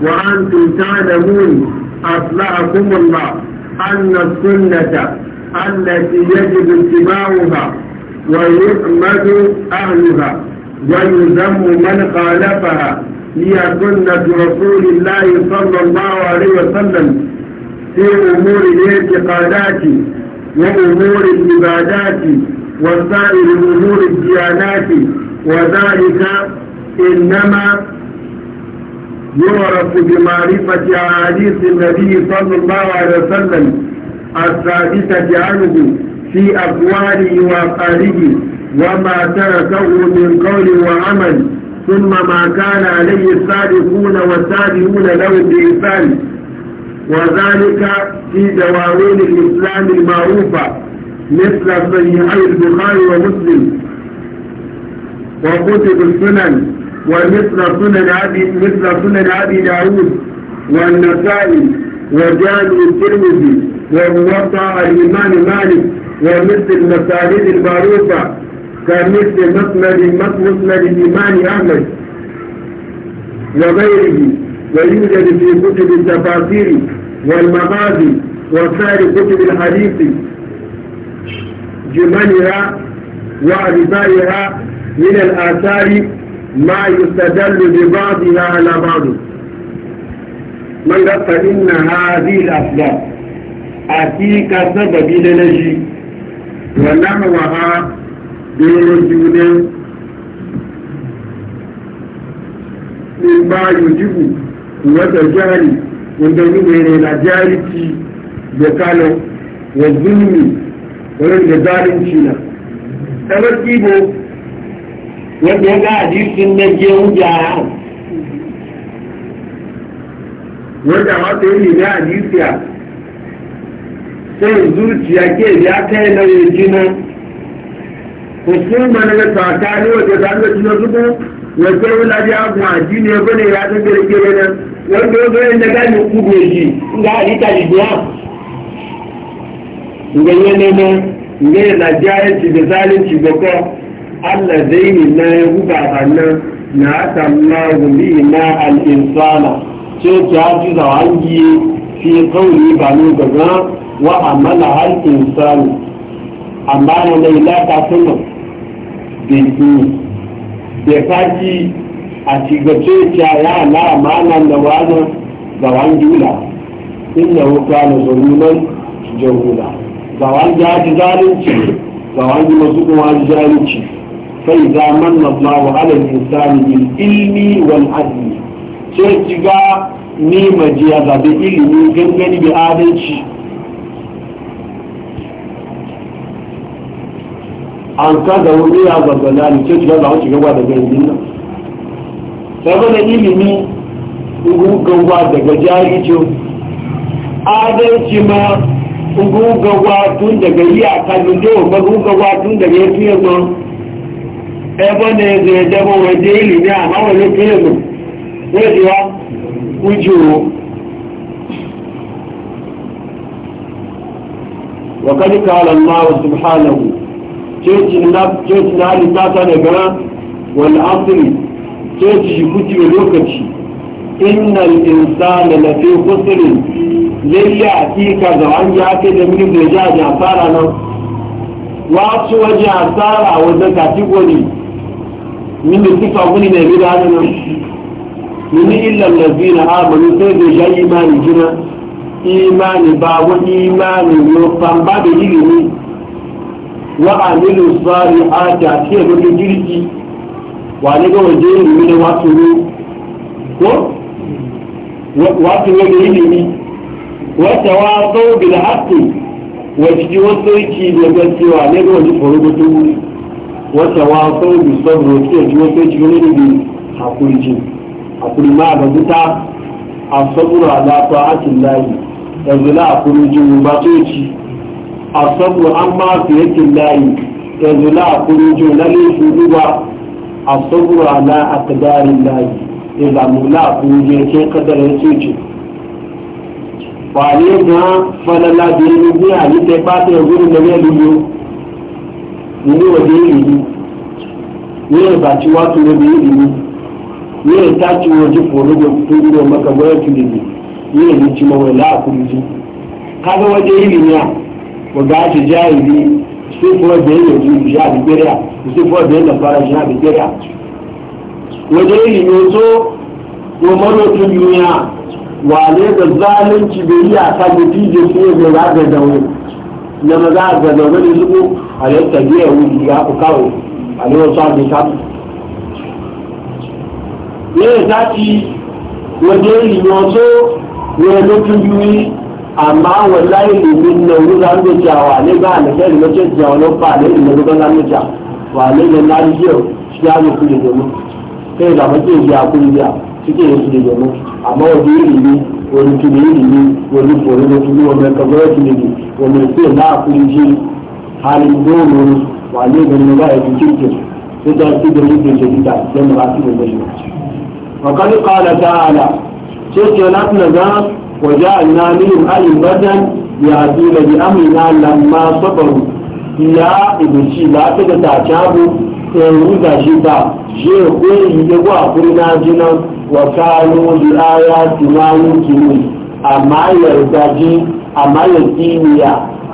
وأنتم تعلمون أطلعكم الله أن السنة التي يجب اتباعها ويحمد أهلها ويذم من خالفها هي سنة رسول الله صلى الله عليه وسلم في أمور الاعتقادات وأمور العبادات وسائر أمور الديانات وذلك إنما يعرف بمعرفة أحاديث النبي صلى الله عليه وسلم الثابتة عنه في أقواله وأفعاله وما تركه من قول وعمل ثم ما كان عليه السابقون والتابعون له بإحسان وذلك في دواوين الإسلام المعروفة مثل صحيحي البخاري ومسلم وكتب السنن ومثل سنن أبي مثل سنن أبي داود والنسائي وجامع الترمذي وموطأ الإمام مالك ومثل المساجد المعروفة كمثل مسند مسند الإمام أحمد وغيره ويوجد في كتب التفاسير والمغازي وسائر كتب الحديث جملها وأجزائها من الآثار ما يستدل ببعضها على بعض من قال فإن هذه الأسباب أتيك سبب لنجي ونحوها برجول مما يجب wata jari wanda ni ne na jariki da kano wa zulmi wurin da zalunci na kamar kibo wanda ya ga hadisin na jiyar jara wanda wata yi na hadisiya sai zuciya ke ya kai na yajinan hukumar da tsakani wata zalunci na zubo wata wula ya abu addini ya bane ya zama da ke nan wanda wanda yin da gani kube shi nga alita libya nga yi nema nga yi na jayanci da zalunci bako allah zai ne na ya guba a nan na aka ma wuli na al'insana ce ki haji da hangiye fi kauri ba ne gaba wa amala al'insani amma na laila ta sunan da ki da faki a cigace caya na manan da wani gawan jula inda wuka na zarunan jahula gawan jaji zalunci gawan ji masu kuma zalunci sai zaman na zuwa ala insani bil ilmi wal adli ce ciga ni majiya zabe ilimi gangani bi adalci an kada wuri ya zazzalani ce ciga za a shiga da gangin nan saboda ilimi ugugawa daga jarijo adalci ma ugugawa tun daga yi a kalin da magugawa tun daga ya fiye ma ebe da ya zai dama waje ilimi a mawale fiye ma wajewa ujiro وقد قال الله سبحانه جئتنا لتاتنا والعصر sai shi muke lokaci innal insana lafi khusrin lalle hakika da an ya ce da mun da ja ja fara nan wasu waje asara wajen kategori min da sifa guni ne bi da nan min illa allazina amanu sai da ja imani jina imani ba wani imani yo famba da ilimi wa amilu salihati a cikin jirgi wà ní gbọ́dọ̀ jẹ́ ìlú ní wá tóró ni wá wa ní ìlú ní wọ́n tẹ̀ wá tó bìlà áàtì wọ́n ti di wọ́n tó ìkì ìdẹ̀gbẹ́ tí wa ní gbọ́dọ̀ ní fọ̀rọ̀gbọ́ tó ji wọ́n tẹ̀ a tó bì sọ́dọ̀ tí ẹ̀jú a tó ìkì wọ́n níbi àkùrìjì àkùrì máa bàbúta àsọ́gbùrọ̀ àdáfà áàtì láyì fi asabura ala akadarin layi izamula kuje ke kadarin suci wale ga falala da yi ni a yi ta ba ta yanzu da ne lulu ni wa da yi ni ne ba ci wato ne da yi ni ne ta ci wa ji foro da tun da maka waya ki ne ne ni ci mawai la ku ji kaga waje yi ni ya wa ga ji jahili sifuwar da ya yi shi a bigiriya sifuwar da ya lambara shi a bigiriya wajen yi yoso ko marotun duniya wale da zalunci bai yi a kan da tije su yi da za ga zaune na ma za ga zaune da zuku a yau ta biya wuri ya ku kawo a yau sa da samu ne za ci wajen yi yoso ko marotun duniya amma wallahi limin na wuri za mu ja wa ne ba ne kai ne ce ja wani ba ne ne ba za mu ja wa ne ne na ji yau shi ya mu kuje da mu kai da mu ke ja ku ja suke yin kuje da mu amma wa dai ne wani kuje ne wani kore ne kuje wani kabara kuje ne wani sai na ku ji halin dono wa ne ne ne ba ya kike sai da su da mu ke ji da sai mu ra su da shi wa qad qala ta'ala sai ke na ga وجعلنا منهم أئمة يهدون بأمرنا لما صبروا يا ابن شيبة كذا تعبوا يهودا شيبة شيخوي يجوا أقولنا جنا وكانوا بآياتنا يمكنون أما يرتجي أما يتيميا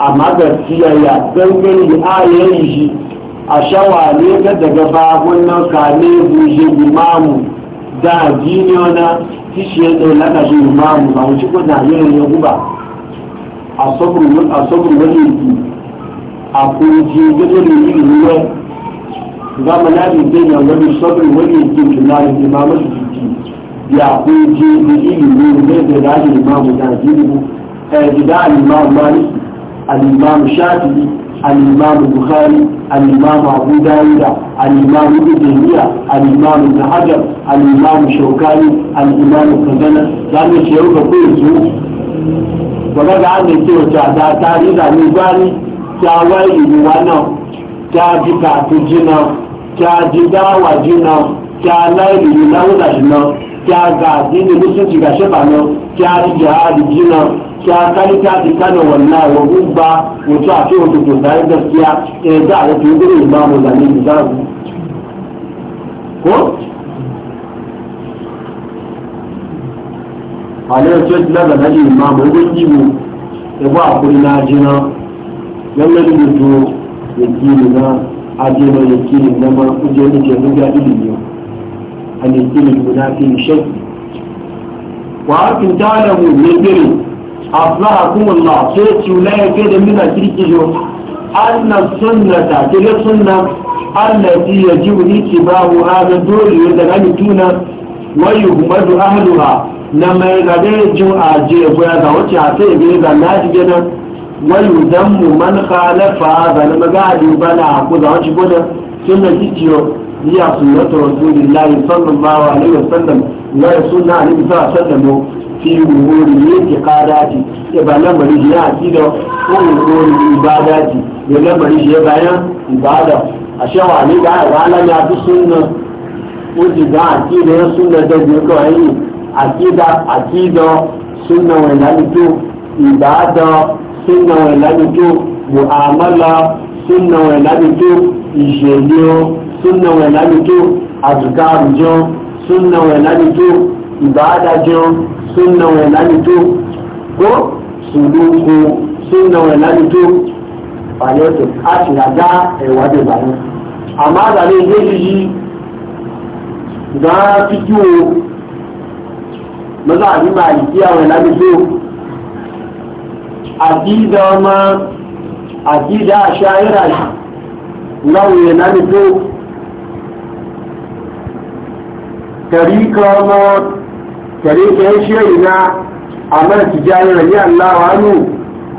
أما يتيميا دنجل آيائي أشوى لك دقبابنا كان يبوجي بمامو دا جينيونا kíṣe ẹ̀dọ̀ látàrí ìmáàmù àwọn tí kò náà yẹn yẹn gúbà asọ́bùrù lórí ìlú àforíjì gẹ́gẹ́ bí ìlú rẹ̀ ìbámu láti gbé yàn lórí sọ́bùrù lórí ìlú ìjùlá ìlú ìmáàmù ìjìjì bí àforíjì ìlú ìlú lẹ́gbẹ̀ẹ́ láti ìmáàmù nàìjíríà ẹ̀ẹ́dìdá àlìmáàmù àlìmáàmù ṣáàtì الإمام البخاري الإمام أبو داود الإمام ابن تيمية الإمام ابن حجر الإمام الشوكاني الإمام القزنة لأن الشيوخ كل سوء وبعد عن السوء تعدى تاريخ الميزاني تعويل بوانا تعجبا تجنا تعجبا وجنا تعليل لولا جنا تعجبا دين المسلم جاء تعجبا دين kí a kárí ká ti kánà wọ̀nà wọ̀gún gba òtún àti òtútù sáré gaskiya ẹ̀ẹ́dá àti tó gbé ìgbà mo là ní ìdáàbò. Kó? Àlẹ́ ọjọ́ ti lágbà láti ìmọ̀ àmọ́ ó gbé ìwò ẹ̀bọ́ àkórí náà jiná. Lọ́lọ́ ní gbogbo èkì ìlú náà, ajé lọ èkì ìlú náà máa ń jẹ́ oúnjẹ lórí adìlú yìí. Àlẹ́ ìkìlì ìlú náà fi ìṣẹ́kù. Wàá fi dáàbò ní ìbéèrè أصلحكم الله سيتي ولا كده من أسريك جو أن السنة تلك السنة التي يجب اتباعها هذا الدول يتغلطون ويهمد أهلها لما يغلطوا أجيب بيضا ناجي ويغلطوا ويذم من خالف هذا لما قاعد يبنى عقود بنا سنة تيتيو هي سنة رسول الله صلى الله عليه وسلم لا يسنة عليه صلى الله عليه وسلم في أمور اعتقاداتي يبقى لما نجي عقيدة وأمور عباداتي لما نجي بيان عبادة أشوى عليك على يا السنة وجد عقيدة السنة تجيك هي عقيدة عقيدة سنة ولانتو عبادة سنة ولانتو معاملة سنة ولانتو ìṣèlú súnà wẹ̀ lálejò àtùkà àrùjọ súnà wẹ̀ lálejò ìbáadá jẹun súnà wọn láti tó kó sùdúkú súnà wọn láti tó pàlẹ́tò àti àdá ẹ̀wádìí ìbàdàn àmọ́ àgbàdo ilé yìí ìgbà fíjú o lọ́dọ̀ àbí máa yìí kí àwọn ìlànà tó àdídà ọmọ àdídà àṣà ayéra láwọn ìlànà tó tẹ̀ríkọ ọmọ tariƙa ya shiri na a mara tijjani rani Allah wa hannu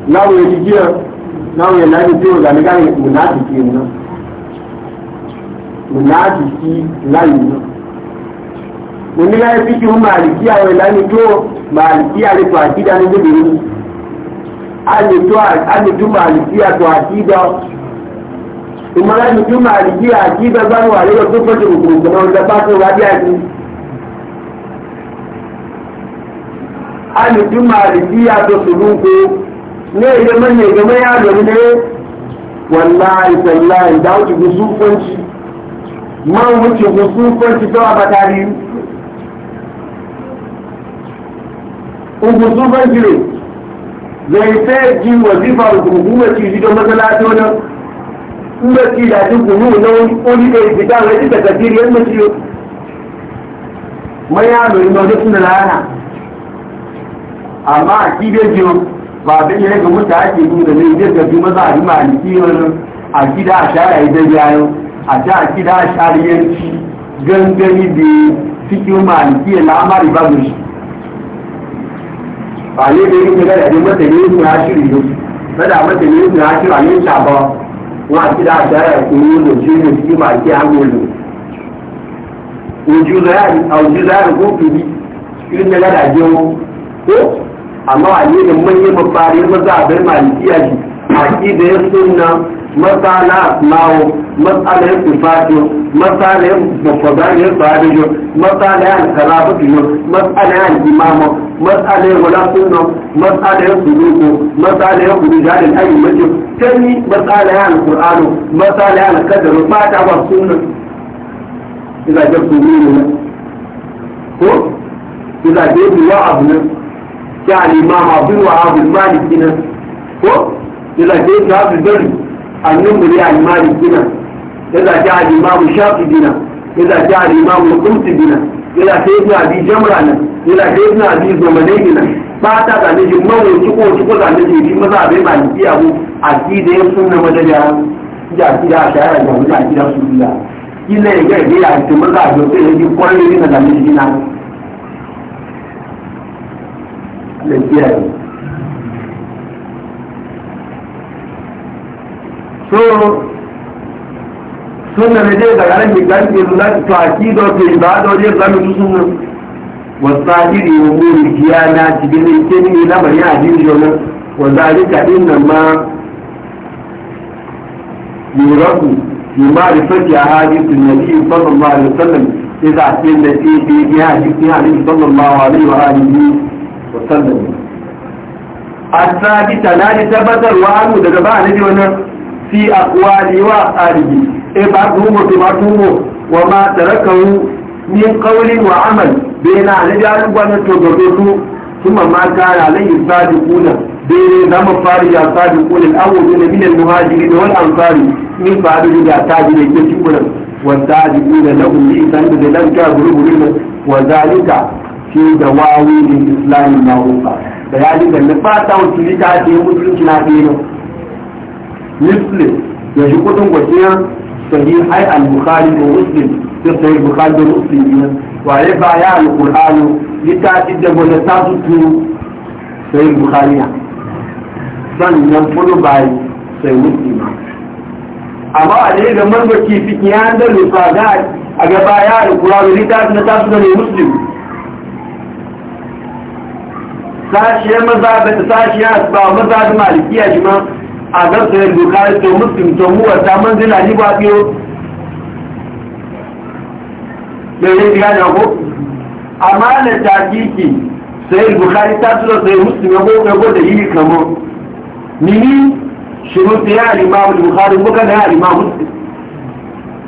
lawo ya jijiyar lawo ya lafi fiye da na gane munafiki nan munafiki layi nan wani ya yi fiki hun maliki a wani lami to maliki a rito a gida na zubi ne an a to a gida in mara yi tu maliki a gida zan wale da kufar da hukumar da ba su rabi a alùpùpù màlìkíyà tó sùlùkù ní ìgbẹ́mọ́ ní ìgbẹ́mọ́ yá lòun dé wallahi tallahi da wuce gusufanci man wuce gusufanci to a batari gusufanci ne zai sai ji wazifa hukumaci shi don masalati wani inda ci da ci kunu na wani da ya fita wani da kafiri yadda ci yau mai yaro inda wani suna lana amma a kidai jiyo ba da yi ga mutu ake yi da zai zai gabi maza a rima aliki wani a kida a yi da yayo a ta a kida a shariyanci gangani da cikin maliki ya lamari ba mu shi ba ne da yake gada da mata ne ku ya shiri ne bada mata ne ku ya shiri yi ta ba wa kida a shara ku yi da shi ne cikin maliki an gole ujuza ya ujuza ya ko kidi irin da gada jiyo ko amma a yi da manyan mafari maza a bai malikiya shi a ƙi da ya suna matsala asmawo matsala ya sifato matsala ya mafazar ya sahabi jo matsala ya alkarafa jo matsala ya al'imama matsala ya wala suna matsala ya suluku matsala ya kudu jari ayi mace tani matsala ya alkur'anu matsala ya alkadaru fata ba suna ina ga ne ko ina ga duwa abu nan ya al'imam abin wa abu maliki nan ko ya zace su abu bari annin muri al-maliki nan ya zace al'imam shafi dina ya zace al'imam kunti dina ya zace ibn abi jamra nan ya zace ibn abi zomanai nan ba ta zane shi mawai ciko ciko zane shi shi maza bai maliki abu akida ya sunna madada ya akida a shahara da wani akida su biya ilẹ̀ ìgbẹ́ ìgbéyàwó tó mọ́ta àjọ pé ẹni kọ́lé nínú àdàmẹ́sì náà للجاهل سنن جي دغاري گان دي لاد تاكيد او تي باد او جي زمي تو سنن وصاجي دي وو دي انا تي دي ني تي ني لا بري ادي جو نا وذلك انما يراد بما رفت يا هادي النبي صلى الله عليه وسلم اذا سئل تي دي يا دي يا صلى الله عليه واله wasallam asabi ta nadi tabbatar wa anu daga ba ne wannan fi aqwali wa aqalihi e eh, ba dumo to ba dumo wa ma tarakahu min qawli wa amal bayna alladhi alqana to do do to kuma ma kara alayhi sadiquna dai da mu fari ya sadiqul awwal min al muhajiri da wal ansari min fari da ta ji ne ke cikin wannan wa sadiquna lahum bi sanad da lan ka guru guru wa zalika في دواوين الإسلام المعروفة بيان أن نفاتا وتلتا في مسلم نادينه مثل يجب أن وكيان صحيح البخاري ومسلم في صحيح البخاري ومسلم وعيب آياء القرآن لتأتي دبولتات في صحيح البخاري sannan kudu bai ان muslima amma a ان ga marmaki fi ان da lufa ga ان gaba ya alkura ان littafi na tasu ان ne muslimi sashiya maza da ta ba maza da malikiya shi ma a gasa yin doka da to muslim to mu ta manzila ni ba biyo da ya biya da ko amma da takiki sai ya ta tura sai muslim ya goga da yi kamo mini shuruti ya da bukari muka na alimamu muslim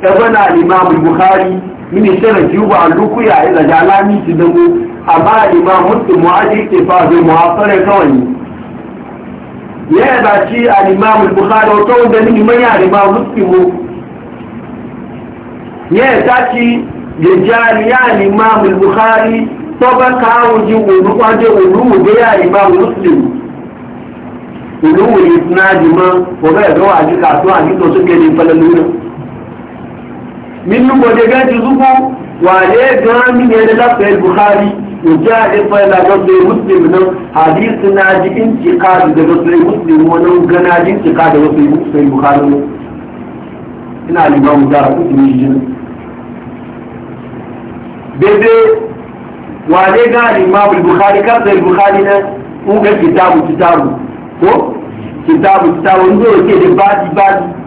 ya bana alimamu bukari mini shirin yuba a lukuya ya zaga alami su ku. amma imam muslim mu'adi ke fazo mu'asara kawai ya yaba shi al-imam al-bukhari wato wanda ni mai al-imam muslim ya ta ci jajjal ya al-imam al-bukhari to ba kawo ji wuru kwaje wuru da wale gami ne da lafiyar bukhari wuce a ɗin fayar da sai muslim nan hadisi na ji in cika da daga sai muslim wani gana jin cika da wasu sai bukhari ne ina limamu da haku su mishi jini bebe wale ga limamu bukhari kan sai bukhari na ungar kitabu kitabu ko kitabu kitabu ne ke da baji baji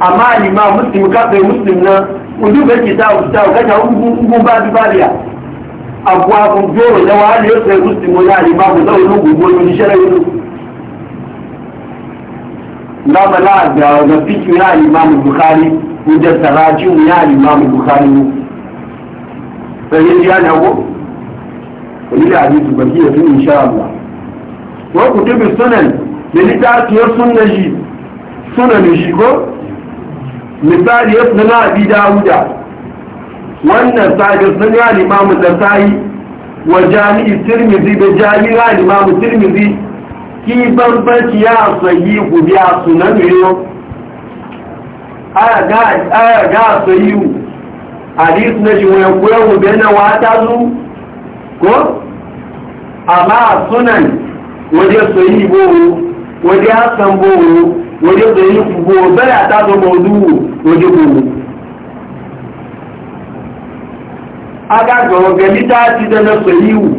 amma alima muslim kafin muslim na kudu bai ki tawo tawo kacha ugun ba du bariya abu abu joro da wani yau sai muslim wani alima ku zau nu gugu wani ni sharai nu na mala da ga fiki ya alima mu bukhari mu da taraji ya alima mu bukhari mu sai yin ya na ko wani da hadisi baki ya tun insha Allah wa kutubi sunan da litafiyar sunan shi sunan shi ko misali ya suna abi dawuda wannan sabis sun ya limamu da sayi wa jami'i tirmizi da jami'a limamu tirmizi ki bambanci ya sayi ku biya sunan yau aya ga sayi hadis na shi kuwa kuyan bai na wata zu ko amma sunan waje sayi boro waje hassan boro waje zai boro bala ta tazo maudu waje boro a ga gani ta ci da na sahihu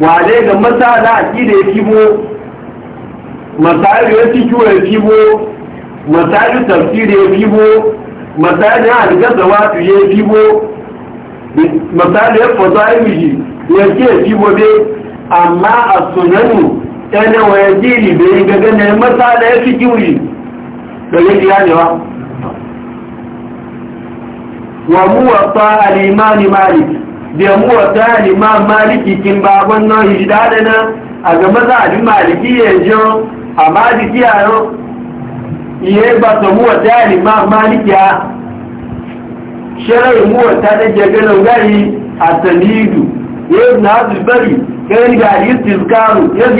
wale ga ki da ya kibo masailu ya fikiyo ya kibo masailu tafsiri ya kibo masailu ya algaza watu ya kibo masailu ya fasailu ya ke kibo dai amma a sunanu ẹni wọ̀nyẹ tí ìlìbẹ̀ gẹ́gẹ́ ní mẹ́ta lẹ́ fi kí wùyí lọ́yẹ́ ti yáyẹ̀wá wọ́n a ṣẹ́rẹ̀ ìmú ọ̀tá lẹ́jẹ̀gẹ́ lọ́gbà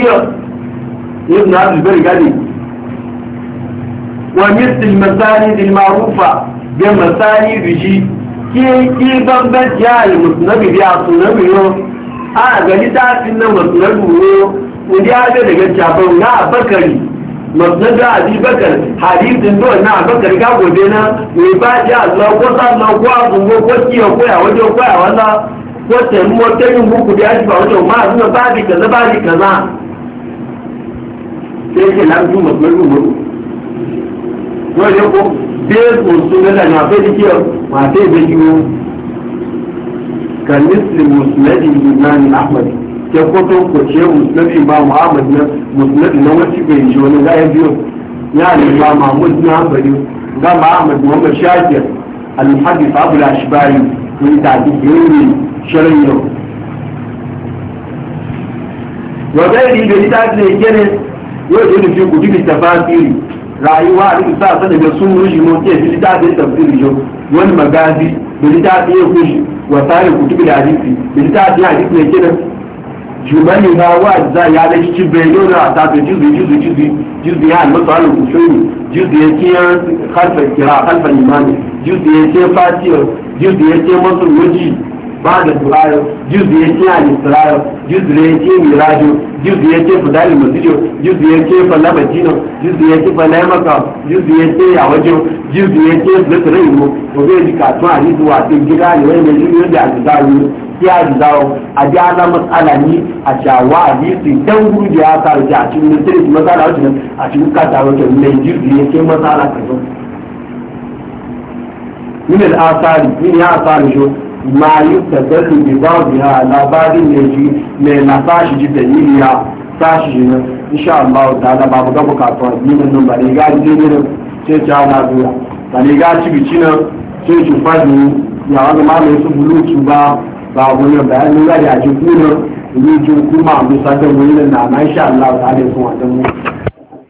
ya ابن عبد البر قالي ومثل المساند المعروفة بمساند جي كي كي ضبط يا المسنبي بيع السنبي يو أنا قالي تعرف إن مسنبي يو ودي هذا اللي قد نا بكري مسند أبي بكر حديث دول نا بكر كان ودينا ويباجع الله وصل الله وعظم وكوتي وكويا وجه وكويا والله wata yi mota yin buku da ya ji ba wajen ma suna ba da kaza ba da kaza sai ke lantu mafi rubu wọ́n yẹ kó bẹ́ẹ̀ kò sún mẹ́ta ní àfẹ́ díkì ọ̀ wọ́n àfẹ́ ìbẹ́ ju ka misli musulmi imani ahmad ke kwato ko ce musulmi imam ahmad na musulmi na wasu bai ji wani za ya biyo ya alima mahmud na hanbali ga ahmad muhammad shakir alhadis abu lashibari wani tafi yuri shirin yau. Wa gairi da ita ne gene yau da nufin ku dubi ta fasiri rayuwa a rikin sa daga sun rushe mun ke fi littafin tafsiri yau wani magazi da littafin ya kushi wa tsarin ku dubi da hadisi da littafin hadisi ne kenan jubani na wa za ya da shi bai yau da ta ta juzu juzu juzu juzu ya almasu ala kusuri juzu ya ke harfar kira harfar imani juzu ya ke fatiyar juzu ya ke masu wajibi بعد الدعاء جزء يكي عن السرار جزء يكي ميراجو جزء يكي فدال المسجو جزء يكي فلا مجينو جزء يكي فلا مكا جزء يكي يعوجو جزء يكي فلت ريمو وفي ذكاتوا عديد وعطي جيراني وين يجب يجب عدد ya dawo a ji ala matsala ni a shawa a ji su dan gurbi ya sa da a cikin ministry matsala wacce a cikin kasa wacce mai jirgi ya ke matsala kazo min al-asari min ya asari sho ma yi tabbatu bi babu ya labarin ne ji mai na sashi ji da yiriya sashi ji na insha Allah ta da babu ga bukatu a jinin nan ba ne ga jini nan sai ta na zuwa ba ne ga ci bici nan sai ci fadi ya wani ma mai su bulutu ba ba wani bayan ya ji kuna yi ji kuma a bisa da wani nan na insha Allah ta da kuma da